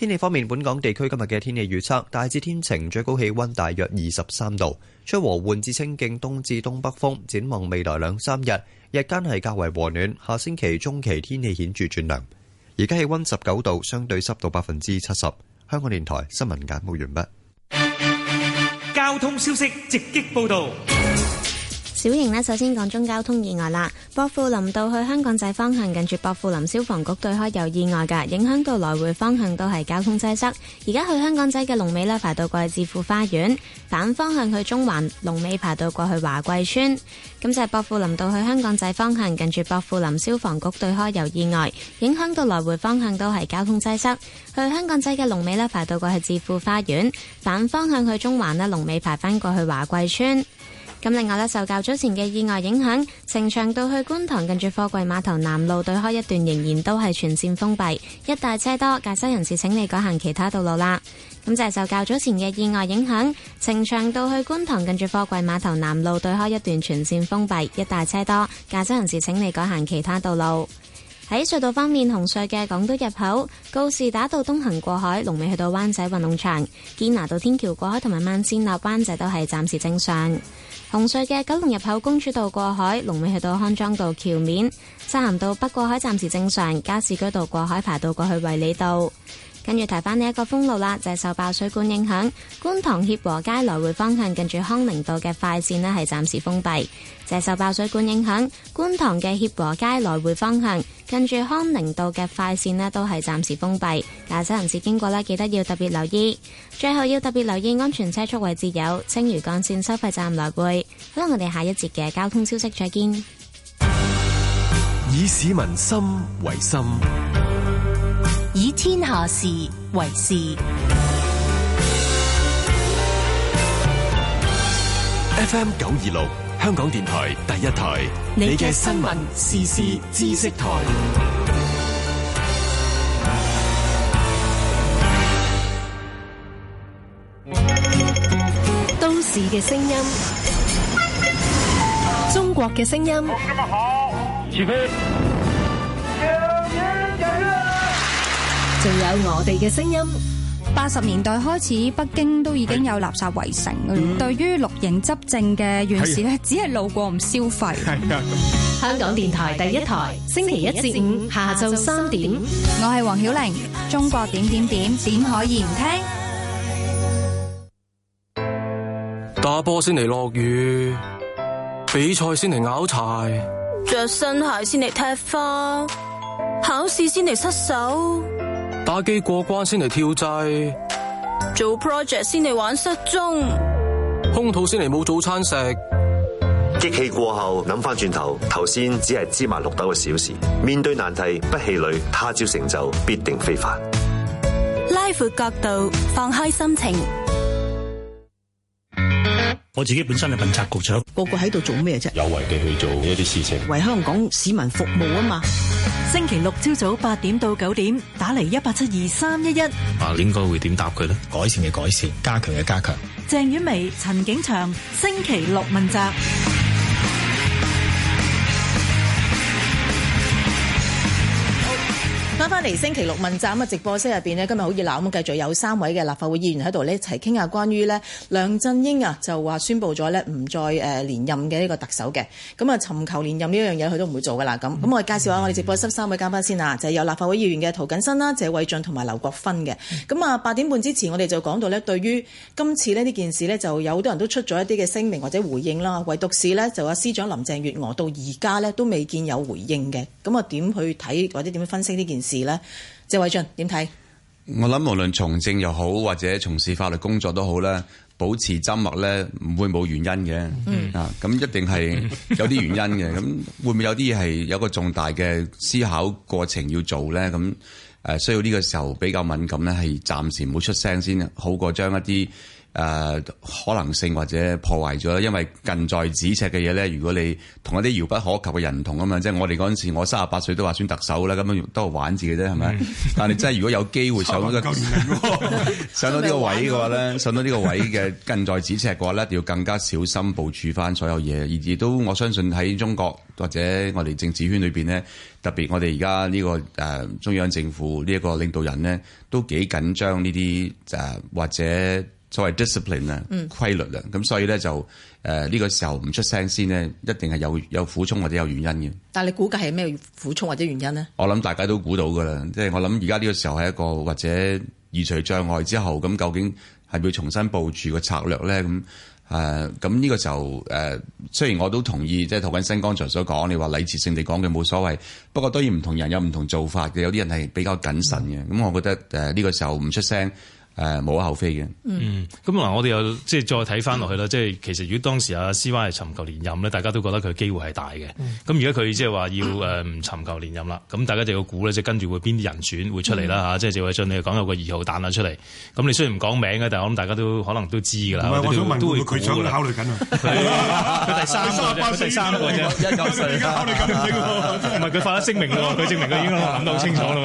天氣方面，本港地區今日嘅天氣預測大致天晴，最高氣溫大約二十三度，吹和緩至清勁東至東北風。展望未來兩三日，日間係較為和暖。下星期中期天氣顯著轉涼。而家氣溫十九度，相對濕度百分之七十。香港電台新聞簡報完畢。交通消息直擊報道。小型呢，首先講中交通意外啦。薄扶林道去香港仔方向近住薄扶林消防局對開有意外嘅，影響到來回方向都係交通擠塞。而家去香港仔嘅龍尾呢，排到過去置富花園，反方向去中環龍尾排到過去華貴村。咁就係薄扶林道去香港仔方向近住薄扶林消防局對開有意外，影響到來回方向都係交通擠塞。去香港仔嘅龍尾呢，排到過去置富花園，反方向去中環呢，龍尾排返過去華貴村。咁另外咧，受較早前嘅意外影響，呈祥道去觀塘近住貨櫃碼頭南路對開一段仍然都係全線封閉，一大車多，駕駛人士請你改行其他道路啦。咁就係受較早前嘅意外影響，呈祥道去觀塘近住貨櫃碼頭南路，頭南路對開一段全線封閉，一大車多，駕駛人士請你改行其他道路。喺隧道方面，紅隧嘅港島入口、告士打道東行過海、龍尾去到灣仔運動場、堅拿道天橋過海同埋慢線落灣仔都係暫時正常。紅隧嘅九龍入口公主道過海，龍尾去到康莊道橋面；漆咸道北過海暫時正常，加士居道過海排到過去衛理道。跟住提翻呢一個封路啦，就係、是、受爆水管影響，觀塘協和街來回方向近住康寧道嘅快綫呢係暫時封閉。就係受爆水管影響，觀塘嘅協和街來回方向近住康寧道嘅快綫呢都係暫時封閉。駕駛人士經過咧，記得要特別留意。最後要特別留意安全車速位置，有青嶼幹綫收費站來回。好啦，我哋下一節嘅交通消息再見。以市民心為心。天下事為事，FM 九二六香港電台第一台，你嘅新聞時事知識台，都市嘅聲音，音中國嘅聲音。仲有我哋嘅聲音。八十年代開始，北京都已經有垃圾圍城。對於綠營執政嘅元氏咧，只係路過唔消費。係香港電台第一台，星期一至五下晝三點，我係黃曉玲。中國點點點點可以唔聽？打波先嚟落雨，比賽先嚟拗柴，着新鞋先嚟踢花，考試先嚟失手。打機過關先嚟跳濟，做 project 先嚟玩失蹤，空肚先嚟冇早餐食，激氣過後諗翻轉頭，頭先只係芝麻綠豆嘅小事。面對難題不氣餒，他朝成就必定非凡。拉 i 角度放開心情，我自己本身係問責局長，個個喺度做咩啫？有為地去做一啲事情，為香港市民服務啊嘛。星期六朝早八點到九點，打嚟一八七二三一一。啊，應該會點答佢咧？改善嘅改善，加強嘅加強。鄭婉薇、陳景祥，星期六問責。翻返嚟星期六問責咁啊，直播室入邊咧，今日好熱鬧，咁繼續有三位嘅立法會議員喺度呢，一齊傾下關於呢梁振英啊，就話宣佈咗呢唔再誒連任嘅呢個特首嘅，咁啊尋求連任呢一樣嘢佢都唔會做噶啦咁。咁我介紹下我哋直播室三位嘉賓先啦，就係、是、有立法會議員嘅涂謹申啦、謝偉俊同埋劉國勳嘅。咁啊八點半之前我哋就講到呢對於今次咧呢件事呢，就有好多人都出咗一啲嘅聲明或者回應啦。唯獨是呢，就話司長林鄭月娥到而家呢，都未見有回應嘅。咁啊點去睇或者點分析呢件事？咧，謝偉俊點睇？我諗無論從政又好，或者從事法律工作都好咧，保持沉默咧唔會冇原因嘅。嗯、啊，咁一定係有啲原因嘅。咁 會唔會有啲嘢係有個重大嘅思考過程要做咧？咁誒，需要呢個時候比較敏感咧，係暫時唔好出聲先，好過將一啲，誒、呃、可能性或者破壞咗，因為近在咫尺嘅嘢咧，如果你同一啲遙不可及嘅人唔同啊嘛，即係我哋嗰陣時，我三十八歲都話選特首啦，咁樣都係玩字嘅啫，係咪？ 但係真係如果有機會上到 上到 上到呢個位嘅話咧， 上到呢個位嘅近在咫尺嘅話咧，一定要更加小心部署翻所有嘢，而亦都我相信喺中國或者我哋政治圈裏邊咧，特別我哋而家呢個誒、呃、中央政府呢一個領導人咧，都幾緊張呢啲誒或者。作為 discipline 咧，dis ine, 規律咧，咁、嗯、所以咧就誒呢、呃這個時候唔出聲先咧，一定係有有苦衷或者有原因嘅。但係你估計係咩苦衷或者原因呢？我諗大家都估到㗎啦，即、就、係、是、我諗而家呢個時候係一個或者移除障礙之後，咁究竟係要重新部署個策略咧？咁誒咁呢個時候誒、呃，雖然我都同意，即係涂謹申剛才所講，你話禮節性地講嘅冇所謂。不過當然唔同人有唔同做法嘅，有啲人係比較謹慎嘅。咁、嗯、我覺得誒呢個時候唔出聲。誒，無可厚非嘅。嗯，咁嗱，我哋又即係再睇翻落去啦。即係其實如果當時阿 CY 係尋求連任咧，大家都覺得佢機會係大嘅。咁如果佢即係話要誒唔尋求連任啦。咁大家就要估咧，即係跟住會邊啲人選會出嚟啦吓。即係謝偉俊，你講有個二號彈啊出嚟。咁你雖然唔講名嘅，但係我諗大家都可能都知噶啦。我想問都會佢想考慮緊啊。第三，第三個啫。而家考慮緊唔死係佢發咗聲明嘅，佢證明佢已經諗到好清楚啦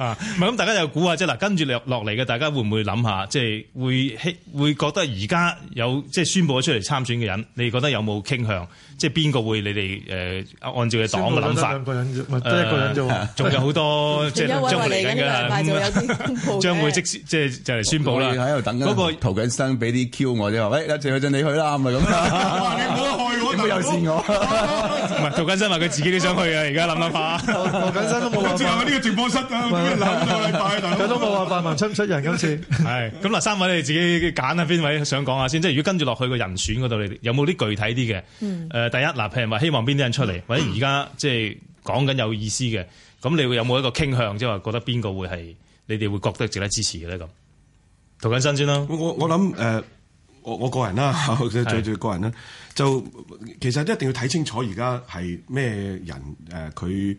嘛。唔係咁，大家又估啊，即係嗱，跟住落嚟嘅，大家。會唔會諗下，即係會希會覺得而家有即係宣布咗出嚟參選嘅人，你覺得有冇傾向？即係邊個會你哋誒按照嘅黨嘅諗法？得兩個人，得一個人做，仲有好多即係嚟力緊㗎。將會即即就嚟宣佈啦。喺度等緊嗰個涂謹申俾啲 Q 我啫。話喂，謝偉俊你去啦，咁啊咁。我話你唔好去，我有線我。唔係涂謹申話佢自己都想去啊。而家諗諗下。涂謹申都冇辦法。呢個直播室啊，諗都冇辦法出唔出人今次？係咁嗱，三位你自己揀下邊位想講下先。即係如果跟住落去個人選嗰度，你哋有冇啲具體啲嘅？第一嗱，譬如話希望邊啲人出嚟，或者而家即係講緊有意思嘅，咁你會有冇一個傾向，即係話覺得邊個會係你哋會覺得值得支持嘅咧？咁，涂謹申先啦。我我諗誒，我我個人啦、啊，最最 個人啦、啊， 就其實一定要睇清楚而家係咩人誒，佢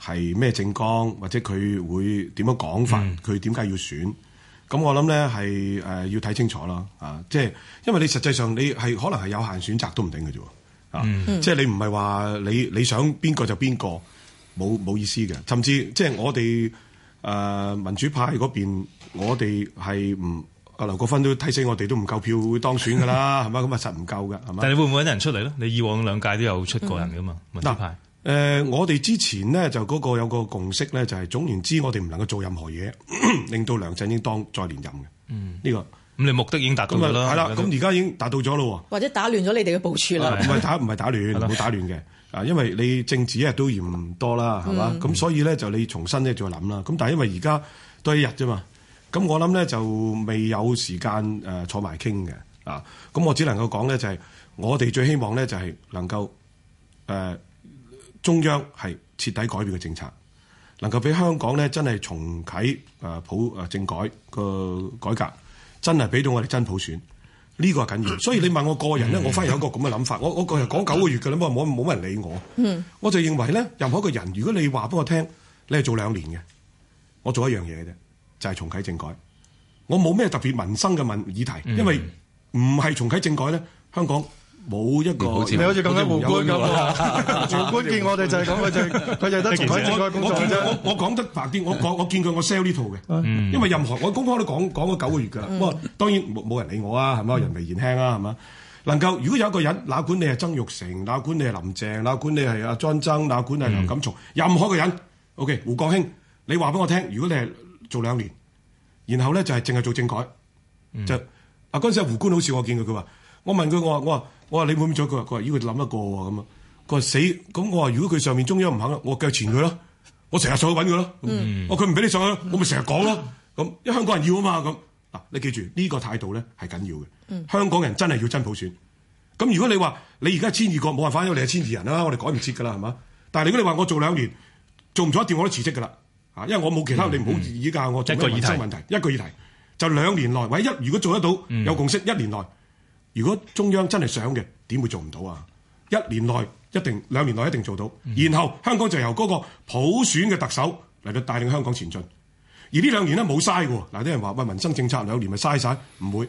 係咩政綱，或者佢會點樣講法，佢點解要選。咁我諗咧係誒要睇清楚囉，啊，即係因為你實際上你係可能係有限選擇都唔定嘅啫。嗯，即係你唔係話你你想邊個就邊個，冇冇意思嘅。甚至即係我哋誒、呃、民主派嗰邊，我哋係唔阿劉國勳都睇死我哋都唔夠票會當選噶啦，係咪？ 咁實唔夠噶，係咪？但係會唔會啲人出嚟咧？你以往兩屆都有出過人噶嘛？嗯、民主派誒、呃，我哋之前咧就嗰個有個共識咧，就係、是、總言之，我哋唔能夠做任何嘢 令到梁振英當再連任嘅。嗯、呢、這個。咁你目的已經達到啦，係啦、就是。咁而家已經達到咗咯，或者打亂咗你哋嘅部署啦。唔係打唔係打亂，唔會 打亂嘅。啊，因為你政治一日都嫌多啦，係嘛？咁、嗯、所以咧就你重新咧再諗啦。咁但係因為而家都一日啫嘛，咁我諗咧就未有時間誒坐埋傾嘅啊。咁我只能夠講咧就係我哋最希望咧就係能夠誒、呃、中央係徹底改變嘅政策，能夠俾香港咧真係重啓誒普誒政改個改,改革。真係俾到我哋真普選，呢個係緊要。所以你問我個人咧， 我反而有一個咁嘅諗法。我我個人講九個月嘅啦，冇冇冇乜人理我。 我就認為咧，任何一個人，如果你話俾我聽，你係做兩年嘅，我做一樣嘢嘅啫，就係重啟政改。我冇咩特別民生嘅問議題，因為唔係重啟政改咧，香港。冇一個，你好似咁樣胡官咁，胡官見我哋就係咁，佢就佢就得佢做工作啫。我我講得白啲，我講我見佢我 sell 呢套嘅，因為任何我公開都講講咗九個月噶啦。當然冇人理我啊，係咪？人微言輕啊，係嘛。能夠如果有一個人，哪管你係曾鈺成，哪管你係林鄭，哪管你係阿張曾，哪管係梁錦松，任何一個人，OK 胡國興，你話俾我聽，如果你係做兩年，然後咧就係淨係做政改，就啊嗰陣時胡官好似我見佢佢話。我問佢，我話我話我話你會唔會做？佢話佢話依個諗得過喎咁啊！佢話死咁，我話如果佢上面中央唔肯啦，我繼續纏佢咯，我成日上去揾佢咯。哦，佢唔俾你上去，我咪成日講咯。咁，因為香港人要啊嘛咁。嗱，你記住呢、這個態度咧係緊要嘅。香港人真係要真普選。咁如果你話你而家千二個冇辦法，因為你係千二人啦，我哋改唔切噶啦，係嘛？但係如果你話我做兩年做唔咗一掉，我都辭職噶啦嚇，因為我冇其他，嗯、你唔好以教我。一個議題。嗯、一個議題就兩年內，或者一如果做得到有共識，嗯、一年內。如果中央真係想嘅，點會做唔到啊？一年內一定，兩年內一定做到。嗯、然後香港就由嗰個普選嘅特首嚟到帶領香港前進。而呢兩年呢，冇嘥㗎喎，嗱啲人話喂民生政策兩年咪嘥晒，唔會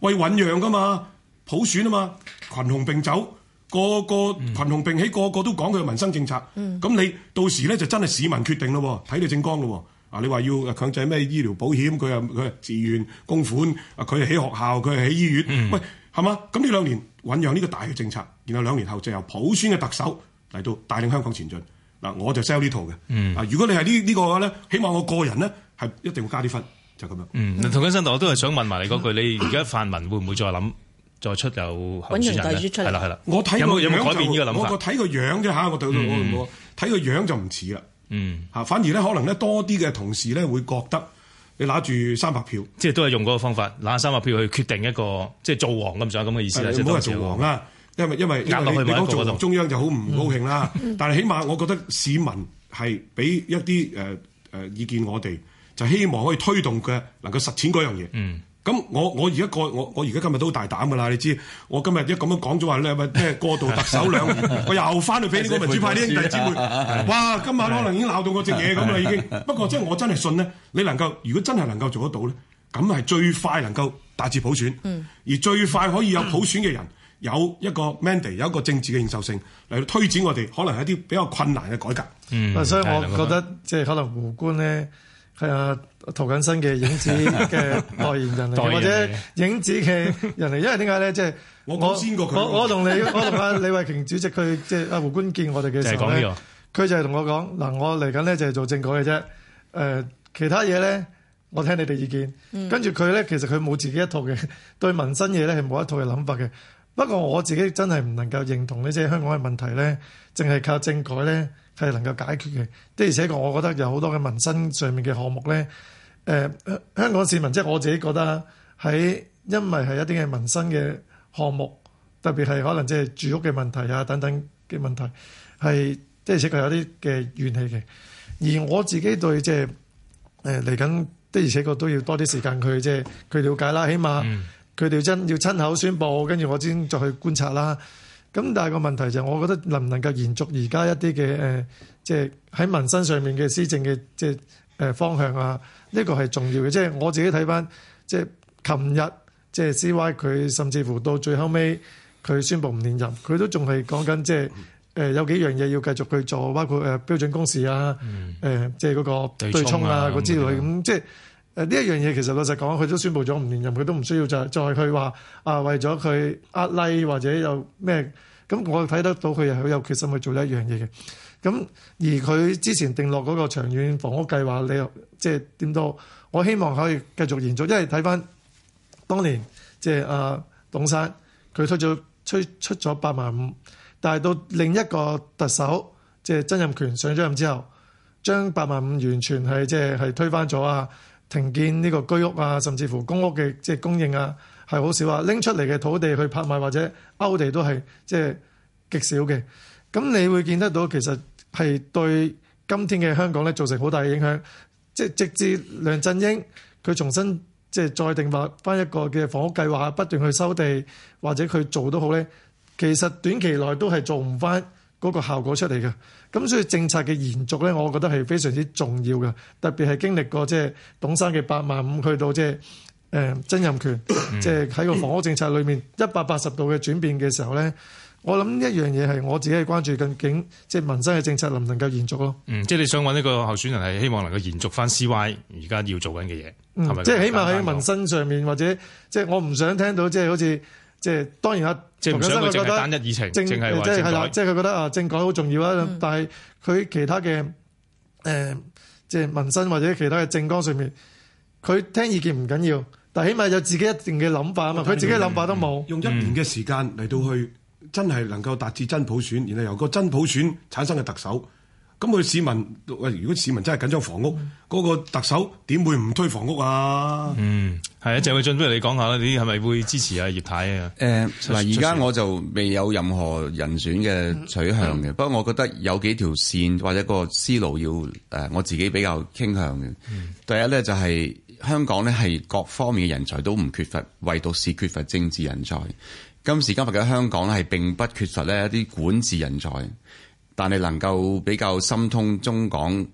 喂醞釀㗎嘛，普選啊嘛，群雄並走，個個群雄並起，個個都講佢嘅民生政策。咁、嗯、你到時呢，就真係市民決定咯，睇你政綱咯。啊，你話要強制咩醫療保險，佢又佢係自願供款，啊佢係喺學校，佢係喺醫院，喂。係嘛？咁呢兩年醞釀呢個大嘅政策，然後兩年後就由普選嘅特首嚟到帶領香港前進。嗱，我就 sell 呢套嘅。啊、嗯，如果你係、這個這個、呢呢個嘅咧，起碼我個人咧係一定會加啲分，就咁、是、樣。嗯，嗯同謹申台我都係想問埋你嗰句，你而家泛民會唔會再諗、啊、再出有候選人嘅？係啦，係啦。我睇個有冇改變嘅諗法？睇個樣啫嚇，我對我睇個樣就唔似啦。嗯，嚇，嗯、反而咧可能咧多啲嘅同事咧會覺得。你拿住三百票，即係都係用嗰個方法，攞三百票去決定一個即係做王咁樣咁嘅意思啦。是即係唔好話做王啦，因為因為因為你講做王，裡中央就好唔高興啦。嗯、但係起碼我覺得市民係俾一啲誒誒意見我，我哋就是、希望可以推動佢能夠實踐嗰樣嘢。嗯。咁我我而家過我我而家今日都好大膽噶啦，你知我今日一咁樣講咗話咧咩過渡特首兩年，我又翻去俾啲民主派啲兄弟姊妹，哇、嗯！今晚可能已經鬧到我隻嘢咁啦已經。不過真我真係信咧，你能夠如果真係能夠做得到咧，咁係最快能夠達至普選，而最快可以有普選嘅人有一個 mandy 有一個政治嘅認受性嚟推展我哋，可能係一啲比較困難嘅改革。所以我覺得即係、嗯、可能胡官咧。係啊，涂謹申嘅影子嘅代言人嚟嘅， 代言 或者影子嘅人嚟， 因為點解咧？即係 我我過 我我同李我同阿李慧瓊主席佢即係阿胡官見我哋嘅時候咧，佢就係同、這個、我講嗱，我嚟緊咧就係做政改嘅啫。誒、呃，其他嘢咧，我聽你哋意見。嗯、跟住佢咧，其實佢冇自己一套嘅對民生嘢咧，係冇一套嘅諗法嘅。不過我自己真係唔能夠認同呢即係香港嘅問題咧，淨係靠政改咧。係能夠解決嘅，的而且確，我覺得有好多嘅民生上面嘅項目咧，誒、呃，香港市民即係我自己覺得，喺因為係一啲嘅民生嘅項目，特別係可能即係住屋嘅問題啊等等嘅問題，係的而且確有啲嘅怨氣嘅。而我自己對即係誒嚟緊的而且確都要多啲時間去即係去了解啦，起碼佢哋真要親口宣佈，跟住我先再去觀察啦。咁但係個問題就係，我覺得能唔能夠延續而家一啲嘅誒，即係喺民生上面嘅施政嘅即係誒方向啊？呢個係重要嘅，即係我自己睇翻，即係琴日即係 CY 佢，甚至乎到最後尾佢宣布唔連任，佢都仲係講緊即係誒有幾樣嘢要繼續去做，包括誒標準工時啊，誒、嗯呃、即係嗰個對沖啊嗰、啊、之類咁，即、嗯、係。誒呢一樣嘢其實老實講，佢都宣布咗唔連任，佢都唔需要再再去話啊。為咗佢壓賴或者又咩咁，我睇得到佢係好有決心去做呢一樣嘢嘅。咁而佢之前定落嗰個長遠房屋計劃，你即係點都我希望可以繼續延續，因為睇翻當年即係阿、啊、董生佢推，推，推出推出咗八萬五，但係到另一個特首即係曾蔭權上咗任之後，將八萬五完全係即係係推翻咗啊。停建呢個居屋啊，甚至乎公屋嘅即係供應啊，係好少啊。拎出嚟嘅土地去拍賣或者勾地都係即係極少嘅。咁你會見得到其實係對今天嘅香港咧造成好大嘅影響。即係直至梁振英佢重新即係再定劃翻一個嘅房屋計劃，不斷去收地或者佢做都好咧，其實短期內都係做唔翻。嗰個效果出嚟嘅，咁所以政策嘅延續咧，我覺得係非常之重要嘅。特別係經歷過即係、就是、董生嘅八萬五，去到即係誒曾蔭權，即係喺個房屋政策裏面一百八十度嘅轉變嘅時候咧，我諗一樣嘢係我自己係關注緊，究竟即係民生嘅政策能唔能夠延續咯？嗯，即、就、係、是、你想揾一個候選人係，希望能夠延續翻 C Y 而家要做緊嘅嘢，係咪？即係、嗯就是、起碼喺民生上面，或者即係、就是、我唔想聽到即係、就是、好似。即係當然啊，從本身佢覺得政、嗯呃，即係係啦，即係佢覺得啊，政改好重要啊，但係佢其他嘅誒，即係民生或者其他嘅政綱上面，佢聽意見唔緊要，但係起碼有自己一定嘅諗法啊嘛，佢自己諗法都冇。用一年嘅時間嚟到去，真係能夠達至真普選，然後由個真普選產生嘅特首。咁佢市民喂，如果市民真係緊張房屋，嗰、嗯、個特首點會唔推房屋啊？嗯，係啊，謝偉俊不如你講下啦，你係咪會支持啊葉太啊？誒嗱，而家我就未有任何人選嘅取向嘅，嗯、不過我覺得有幾條線或者個思路要誒、呃，我自己比較傾向嘅。嗯、第一咧就係、是、香港咧係各方面嘅人才都唔缺乏，唯獨是缺乏政治人才。今時今日嘅香港咧係並不缺乏咧一啲管治人才。但係能夠比較心通中港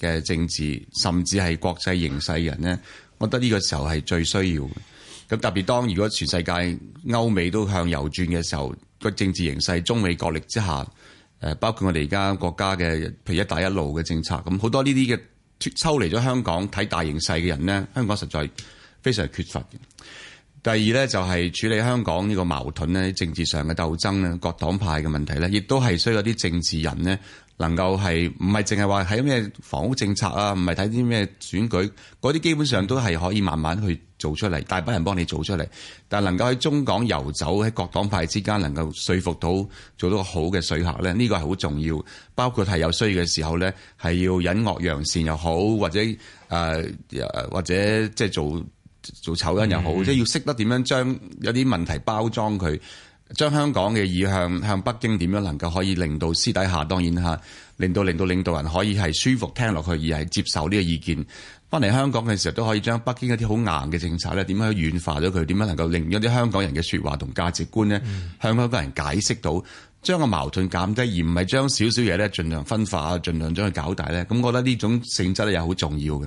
嘅政治，甚至係國際形勢嘅人呢，我覺得呢個時候係最需要嘅。咁特別當如果全世界歐美都向右轉嘅時候，個政治形勢中美角力之下，誒包括我哋而家國家嘅譬如一帶一路嘅政策，咁好多呢啲嘅抽離咗香港睇大形勢嘅人呢，香港實在非常缺乏嘅。第二咧就係處理香港呢個矛盾咧、政治上嘅鬥爭咧、各黨派嘅問題咧，亦都係需要啲政治人呢能夠係唔係淨係話睇咩房屋政策啊，唔係睇啲咩選舉嗰啲，基本上都係可以慢慢去做出嚟，大把人幫你做出嚟。但能夠喺中港遊走喺各黨派之間，能夠說服到做到個好嘅水客咧，呢個係好重要。包括係有需要嘅時候咧，係要隱惡揚善又好，或者誒、呃、或者即係、就是、做。做醜人又好，嗯、即係要識得點樣將有啲問題包裝佢，將香港嘅意向向北京點樣能夠可以令到私底下，當然吓，令到令到領導人可以係舒服聽落去，而係接受呢個意見。翻嚟香港嘅時候都可以將北京一啲好硬嘅政策咧，點樣去軟化咗佢？點樣能夠令一啲香港人嘅說話同價值觀咧，嗯、向香港人解釋到。將個矛盾減低，而唔係將少少嘢咧，儘量分化，儘量將佢搞大咧。咁我覺得呢種性質咧，又好重要嘅。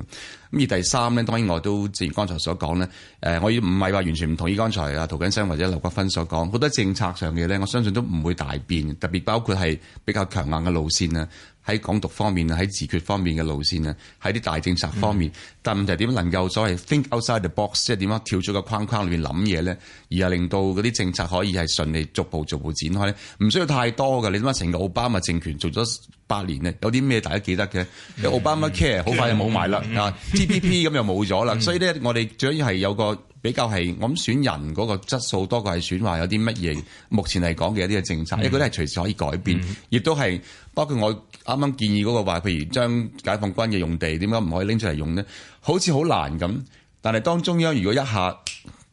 咁而第三咧，當然我都正如剛才所講咧，誒，我亦唔係話完全唔同意剛才啊涂謹申或者劉國勳所講好多政策上嘅咧，我相信都唔會大變，特別包括係比較強硬嘅路線啊。喺港獨方面啊，喺自決方面嘅路線啊，喺啲大政策方面，嗯、但係問題點能夠所謂 think outside the box，即係點樣跳出個框框裏面諗嘢咧，而係令到嗰啲政策可以係順利逐步逐步展開咧，唔需要太多嘅。你點解成個奧巴馬政權做咗。八年咧，有啲咩大家記得嘅？有奧巴馬 care，好快就冇埋啦。嗯、啊，TPP 咁又冇咗啦。所以咧，我哋最主要係有個比較係，我揀選人嗰個質素多過係選話有啲乜嘢。目前嚟講嘅一啲嘅政策，因為佢都係隨時可以改變，亦、嗯、都係包括我啱啱建議嗰、那個話，譬如將解放軍嘅用地點解唔可以拎出嚟用呢？好似好難咁。但係當中央如果一下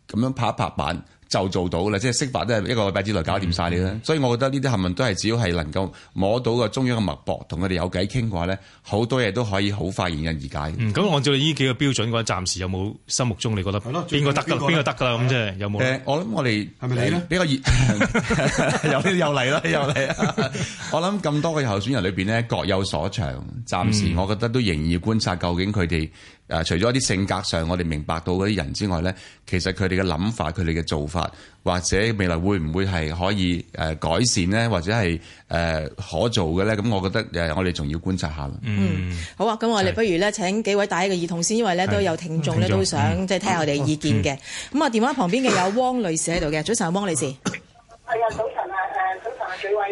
咁樣拍一拍板。就做到啦，即係釋法都係一個禮拜之內搞掂晒你咧，嗯、所以我覺得呢啲行為都係只要係能夠摸到個中央嘅脈搏，同佢哋有偈傾嘅話咧，好多嘢都可以好快迎刃而解。嗯，咁按照呢幾個標準嘅話，暫時有冇心目中你覺得邊個得㗎？邊個得㗎啦？咁即係，有冇、呃？我諗我哋係咪你咧比較有啲又嚟啦，又嚟。 我諗咁多嘅候選人裏邊呢，各有所長，暫時我覺得都仍然要觀察究竟佢哋。誒，除咗啲性格上，我哋明白到嗰啲人之外咧，其實佢哋嘅諗法，佢哋嘅做法，或者未來會唔會係可以誒改善咧，或者係誒、呃、可做嘅咧？咁我覺得誒、呃，我哋仲要觀察下啦。嗯，好啊，咁我哋不如咧請幾位戴個耳筒先，因為咧都有聽眾咧都想即係聽下我哋意見嘅。咁啊，電話旁邊嘅有汪女士喺度嘅，早晨，汪女士。係啊，早晨啊，誒，早晨啊，幾位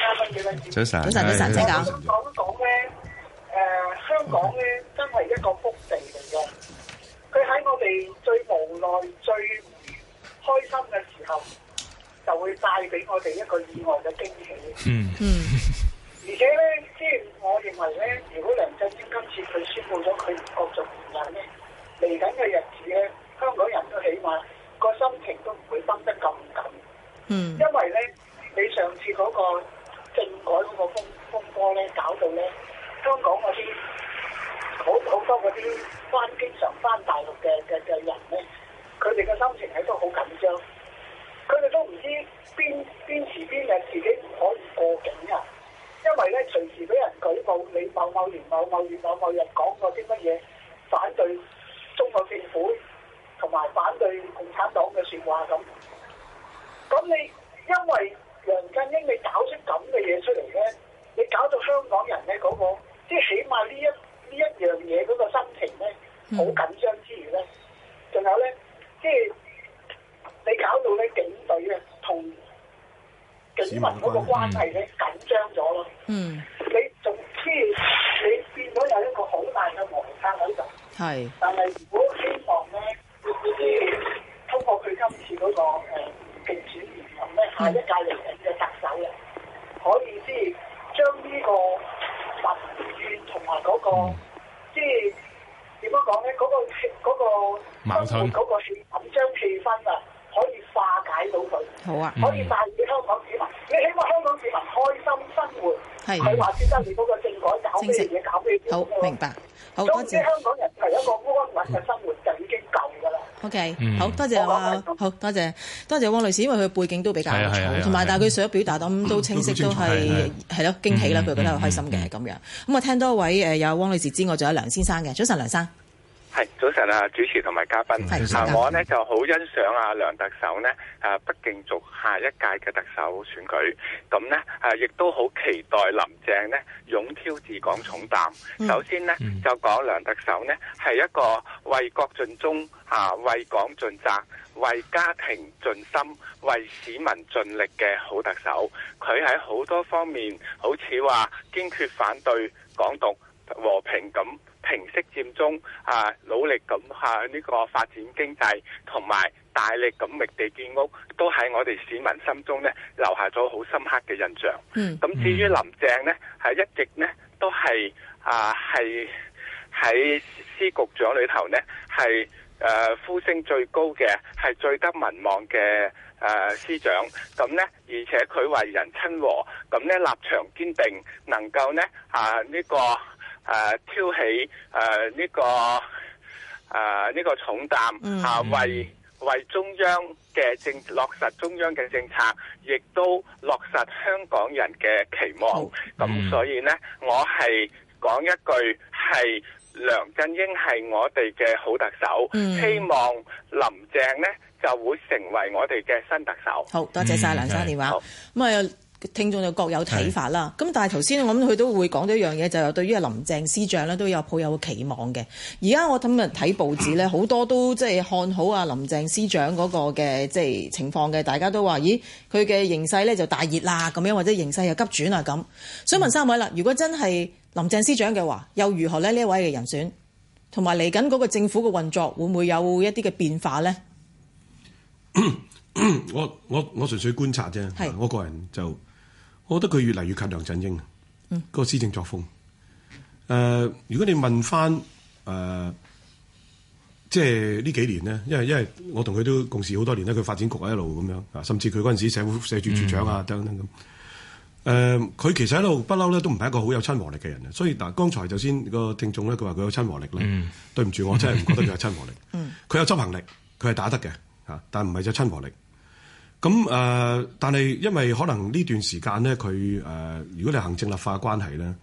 嘉賓幾位早晨，早晨，早晨，請講，講，講。講講咧，誒香港咧，真係一個福最無奈、最唔開心嘅時候，就會帶俾我哋一個意外嘅驚喜。嗯， 而且咧，即係我認為咧，如果梁振英今次佢宣布咗佢唔角逐連任咧，嚟緊嘅日子咧，香港人都起碼個心情都唔會崩得咁緊。嗯，因為咧，你上次嗰個政改嗰個風風波咧，搞到咧，香港嗰啲。好好多嗰啲返經常返大陸嘅嘅嘅人咧，佢哋嘅心情係都好緊張，佢哋都唔知邊邊時邊日自己唔可以過境啊！因為咧，隨時俾人舉報你某某年某某月某某日講過啲乜嘢反對中國政府同埋反對共產黨嘅説話咁。咁你因為梁振英你搞出咁嘅嘢出嚟咧，你搞到香港人咧嗰、那個。樣嘢嗰個心情咧，好緊張之餘咧，仲、嗯、有咧，即、就、係、是、你搞到咧警隊啊同警民嗰個關係咧緊張咗咯。嗯，你總之、就是、你變咗有一個好大嘅摩擦，喺度是。係。但係如果希望咧，呢啲通過佢今次嗰個誒競選連任咧，下一屆嚟緊嘅特首咧，可以先將呢個民怨同埋嗰個、嗯。即係點樣講咧？嗰個嗰個嗰個緊張氣氛啊！可以化解到佢，好啊！可以帶住香港市民，你希望香港市民開心生活。係，佢話先生，你嗰個政改搞咩嘢？搞咩嘢？好，明白。好，多謝。所以香港人係一個安穩嘅生活就已經夠㗎啦。OK，好多謝啊，好多謝多謝汪女士，因為佢背景都比較好，同埋但係佢想表達咁都清晰，都係係咯，驚喜啦，佢覺得係開心嘅咁樣。咁啊，聽多位誒，有汪女士之外，仲有梁先生嘅。早晨，梁生。係早晨啊，主持同埋嘉賓，嗯、啊，我呢就好欣賞阿、啊、梁特首呢啊，不競逐下一屆嘅特首選舉，咁呢啊，亦、啊、都好期待林鄭呢勇挑治港重擔。首先呢，就講梁特首呢係一個為國盡忠、啊為港盡責、為家庭盡心、為市民盡力嘅好特首。佢喺好多方面，好似話堅決反對港獨、和平咁。平息佔中啊！努力咁吓呢個發展經濟，同埋大力咁覓地建屋，都喺我哋市民心中呢留下咗好深刻嘅印象。咁、嗯、至於林鄭呢，係一直呢都係啊係喺司局長裏頭呢，係誒、啊、呼聲最高嘅，係最得民望嘅誒、啊、司長。咁呢，而且佢為人親和，咁呢立場堅定，能夠呢，啊呢、這個。誒挑起誒呢個誒呢個重擔嚇，為為中央嘅政落實中央嘅政策，亦都落實香港人嘅期望。咁所以咧，我係講一句，係梁振英係我哋嘅好特首，希望林鄭咧就會成為我哋嘅新特首。好多謝曬梁生電話。咁啊！聽眾就各有睇法啦。咁是的 但係頭先我諗佢都會講到一樣嘢，就係、是、對於林鄭司長咧都有抱有期望嘅。而家我睇報紙呢，好多都即係看好阿林鄭司長嗰個嘅即係情況嘅。大家都話：咦，佢嘅形勢呢就大熱啦咁樣，或者形勢又急轉啊咁。想問三位啦，如果真係林鄭司長嘅話，又如何呢？呢位嘅人選同埋嚟緊嗰個政府嘅運作，會唔會有一啲嘅變化呢？ 我我我純粹觀察啫，是的 我個人就。我覺得佢越嚟越近梁振英，嗰個施政作風。誒、呃，如果你問翻誒、呃，即係呢幾年咧，因為因為我同佢都共事好多年咧，佢發展局喺一路咁樣，甚至佢嗰陣時社會社署署長啊等等咁。誒、呃，佢其實喺度不嬲咧，都唔係一個好有親和力嘅人啊。所以嗱，剛才就先、嗰個聽眾咧，佢話佢有親和力咧，對唔住我真係唔覺得佢有親和力。佢有執行力，佢係打得嘅吓，但唔係就親和力。咁誒，但係因為可能呢段時間咧，佢誒，如果你行政立法關係咧，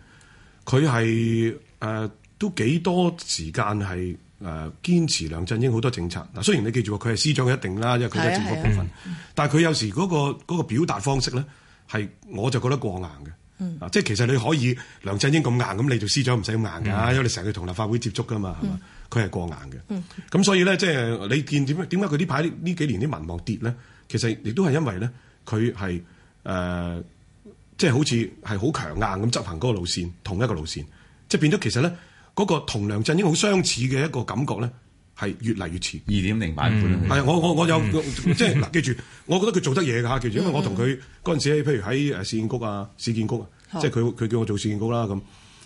佢係誒都幾多時間係誒堅持梁振英好多政策嗱。雖然你記住佢係司長一定啦，因為佢都係政府部分，啊啊、但係佢有時嗰個表達方式咧，係我就覺得過硬嘅，即係其實你可以梁振英咁硬，咁你做司長唔使咁硬㗎，因為你成日要同立法會接觸㗎嘛，係嘛？佢係過硬嘅，咁所以咧，即係你見點樣點解佢呢排呢幾年啲民望跌咧？其實亦都係因為咧，佢係誒，即係好似係好強硬咁執行嗰個路線，同一個路線，即係變咗。其實咧，嗰個同梁振英好相似嘅一個感覺咧，係越嚟越似二點零版本。係、嗯嗯、我我我有即係嗱，記住，我覺得佢做得嘢㗎，記住，因為我同佢嗰陣時譬如喺誒市建局啊、市建局啊，即係佢佢叫我做市建局啦咁，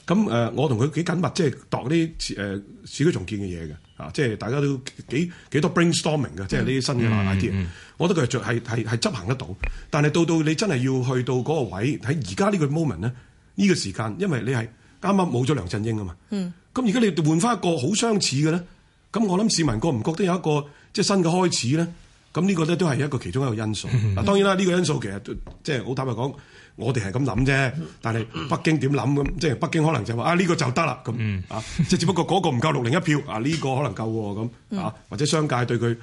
咁誒、呃、我同佢幾緊密，即係度啲誒市區重建嘅嘢嘅。啊！即係大家都幾幾多 brainstorming 嘅，嗯、即係呢啲新嘅 idea、嗯嗯、我覺得佢係係係執行得到。但係到到你真係要去到嗰個位，喺而家呢個 moment 咧，呢個時間，因為你係啱啱冇咗梁振英啊嘛。嗯。咁而家你換翻一個好相似嘅咧，咁我諗市民覺唔覺得有一個即係新嘅開始咧？咁呢個咧都係一個其中一個因素。啊、嗯，嗯、當然啦，呢、呢個因素其實即係好坦白講。我哋係咁諗啫，但係北京點諗咁，即係北京可能就話啊呢，這個就得啦咁啊，即係只不過嗰個唔夠六零一票啊呢，這個可能夠咁啊，嗯、或者商界對佢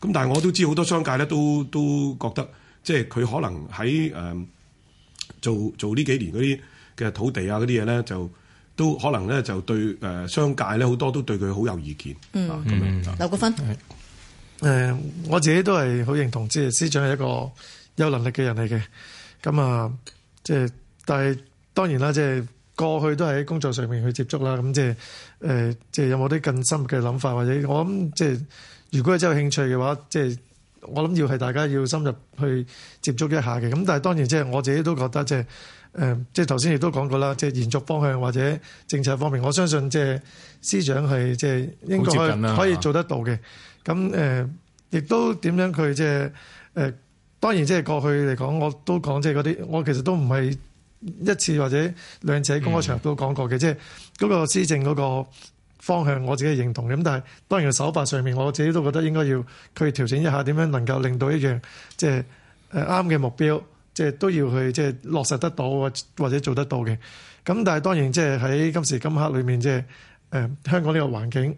咁，但係我都知好多商界咧都都覺得，即係佢可能喺誒、呃、做做呢幾年嗰啲嘅土地啊嗰啲嘢咧，就都可能咧就對誒商界咧好多都對佢好有意見啊咁，嗯嗯、樣就劉國勳，誒、呃、我自己都係好認同，即係司長係一個有能力嘅人嚟嘅，咁啊。即係，但係當然啦，即係過去都係喺工作上面去接觸啦。咁即係誒，即、呃、係有冇啲更深嘅諗法，或者我諗即係，如果真係有興趣嘅話，即、就、係、是、我諗要係大家要深入去接觸一下嘅。咁但係當然即係我自己都覺得即係誒，即係頭先亦都講過啦，即係延續方向或者政策方面，我相信即係司長係即係應該可以，可以做得到嘅。咁誒，亦、嗯、都點樣佢即係誒，呃當然，即係過去嚟講，我都講即係嗰啲，我其實都唔係一次或者兩次喺公開場合都講過嘅，即係嗰個施政嗰個方向，我自己認同嘅。咁但係當然手法上面，我自己都覺得應該要去調整一下，點樣能夠令到一樣即係誒啱嘅目標，即係都要去即係落實得到或者做得到嘅。咁但係當然即係喺今時今刻裏面，即係誒香港呢個環境，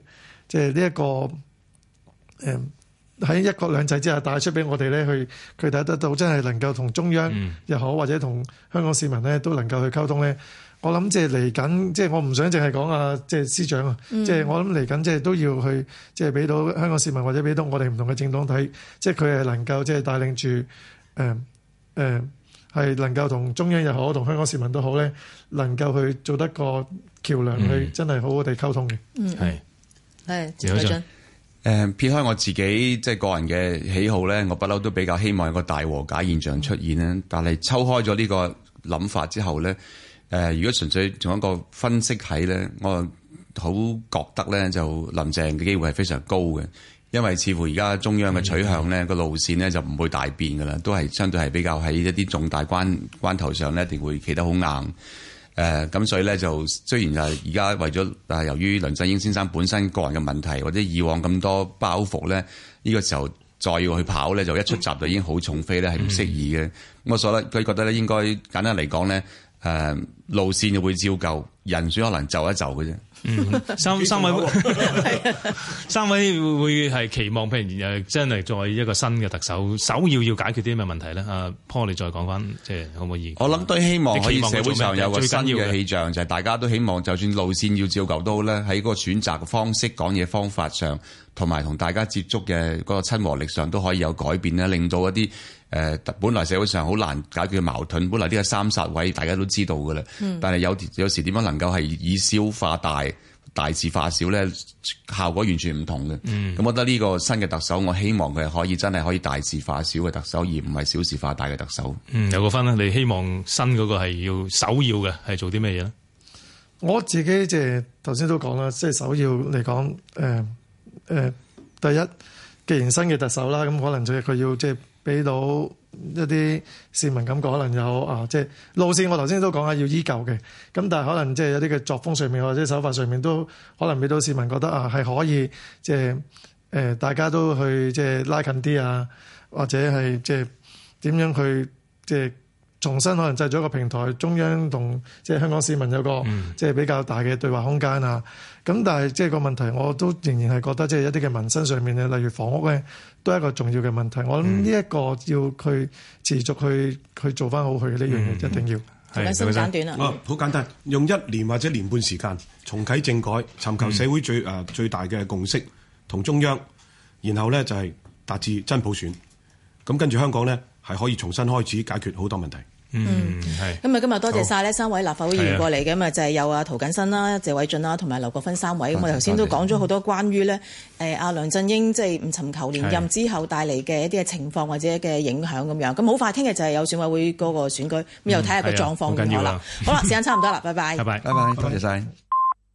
即係呢一個誒。呃喺一國兩制之下帶出俾我哋咧，去佢睇得到，真係能夠同中央又好，或者同香港市民咧都能夠去溝通咧。我諗即係嚟緊，即係我唔想淨係講啊，即係司長啊，嗯、即係我諗嚟緊，即係都要去，即係俾到香港市民或者俾到我哋唔同嘅政黨睇，即係佢係能夠即係帶領住誒誒，係、呃呃、能夠同中央又好，同香港市民都好咧，能夠去做得個橋梁，嗯、去真係好好地溝通嘅。嗯是，係係謝偉俊。誒、嗯、撇開我自己即係個人嘅喜好咧，我不嬲都比較希望有一個大和解現象出現咧。但係抽開咗呢個諗法之後咧，誒、呃、如果純粹從一個分析睇咧，我好覺得咧就林鄭嘅機會係非常高嘅，因為似乎而家中央嘅取向咧，個路線咧就唔會大變噶啦，都係相對係比較喺一啲重大關關頭上咧一定會企得好硬。誒咁、呃、所以咧就雖然就係而家為咗，但由於梁振英先生本身個人嘅問題，或者以往咁多包袱咧，呢、這個時候再要去跑咧，就一出閘就已經好重飛咧，係唔適宜嘅。咁、嗯、我所咧佢覺得咧，應該簡單嚟講咧，誒、呃、路線會照舊，人選可能就一就嘅啫。嗯，三三位， 三位會係期望，譬如誒，真係作為一個新嘅特首，首要要解決啲咩問題咧？阿 Paul，你再講翻，即係可唔可以？我諗都希望可以社會，社會上有個新嘅氣象，就係大家都希望，就算路線要照舊都好咧，喺個選擇嘅方式、講嘢方法上，同埋同大家接觸嘅嗰個親和力上，都可以有改變咧，令到一啲。誒，本來社會上好難解決矛盾，本來呢個三殺位大家都知道嘅啦。嗯、但係有有時點樣能夠係以小化大，大事化小咧，效果完全唔同嘅。咁、嗯、我覺得呢個新嘅特首，我希望佢係可以真係可以大事化小嘅特首，而唔係小事化大嘅特首。嗯、有個分，你希望新嗰個係要首要嘅係做啲咩嘢咧？我自己即係頭先都講啦，即、就、係、是、首要嚟講，誒、呃、誒、呃，第一，既然新嘅特首啦，咁可能就係佢要即係。就係俾到一啲市民感覺，可能有啊，即係路線，我頭先都講下要依舊嘅。咁但係可能即係有啲嘅作風上面，或者手法上面都可能俾到市民覺得啊，係可以即係誒，大家都去即係拉近啲啊，或者係即係點樣去即係重新可能製造一個平台，中央同即係香港市民有個即係比較大嘅對話空間啊。咁、嗯、但係即係個問題，我都仍然係覺得即係一啲嘅民生上面咧，例如房屋咧。都係一個重要嘅問題，嗯、我諗呢一個要佢持續去去做翻好佢呢樣嘢，嗯、一定要重新簡短啦。哦是，好是、嗯、簡單，用一年或者一年半時間重啟政改，尋求社會最誒、呃、最大嘅共識同中央，然後咧就係、是、達至真普選。咁跟住香港咧，係可以重新開始解決好多問題。嗯，係咁啊！今日多謝晒呢三位立法會議員過嚟嘅，咁啊的就係有阿涂謹申啦、謝偉俊啦，同埋劉國勳三位。咁謝我哋頭先都講咗好多關於呢誒阿梁振英，即係唔尋求連任之後帶嚟嘅一啲嘅情況或者嘅影響咁的樣。咁好快，聽日就係有選委會嗰個選舉，咁的又睇下個狀況咯。嗯、要好啦，時間差唔多啦， 拜拜。拜拜，拜拜，多謝晒。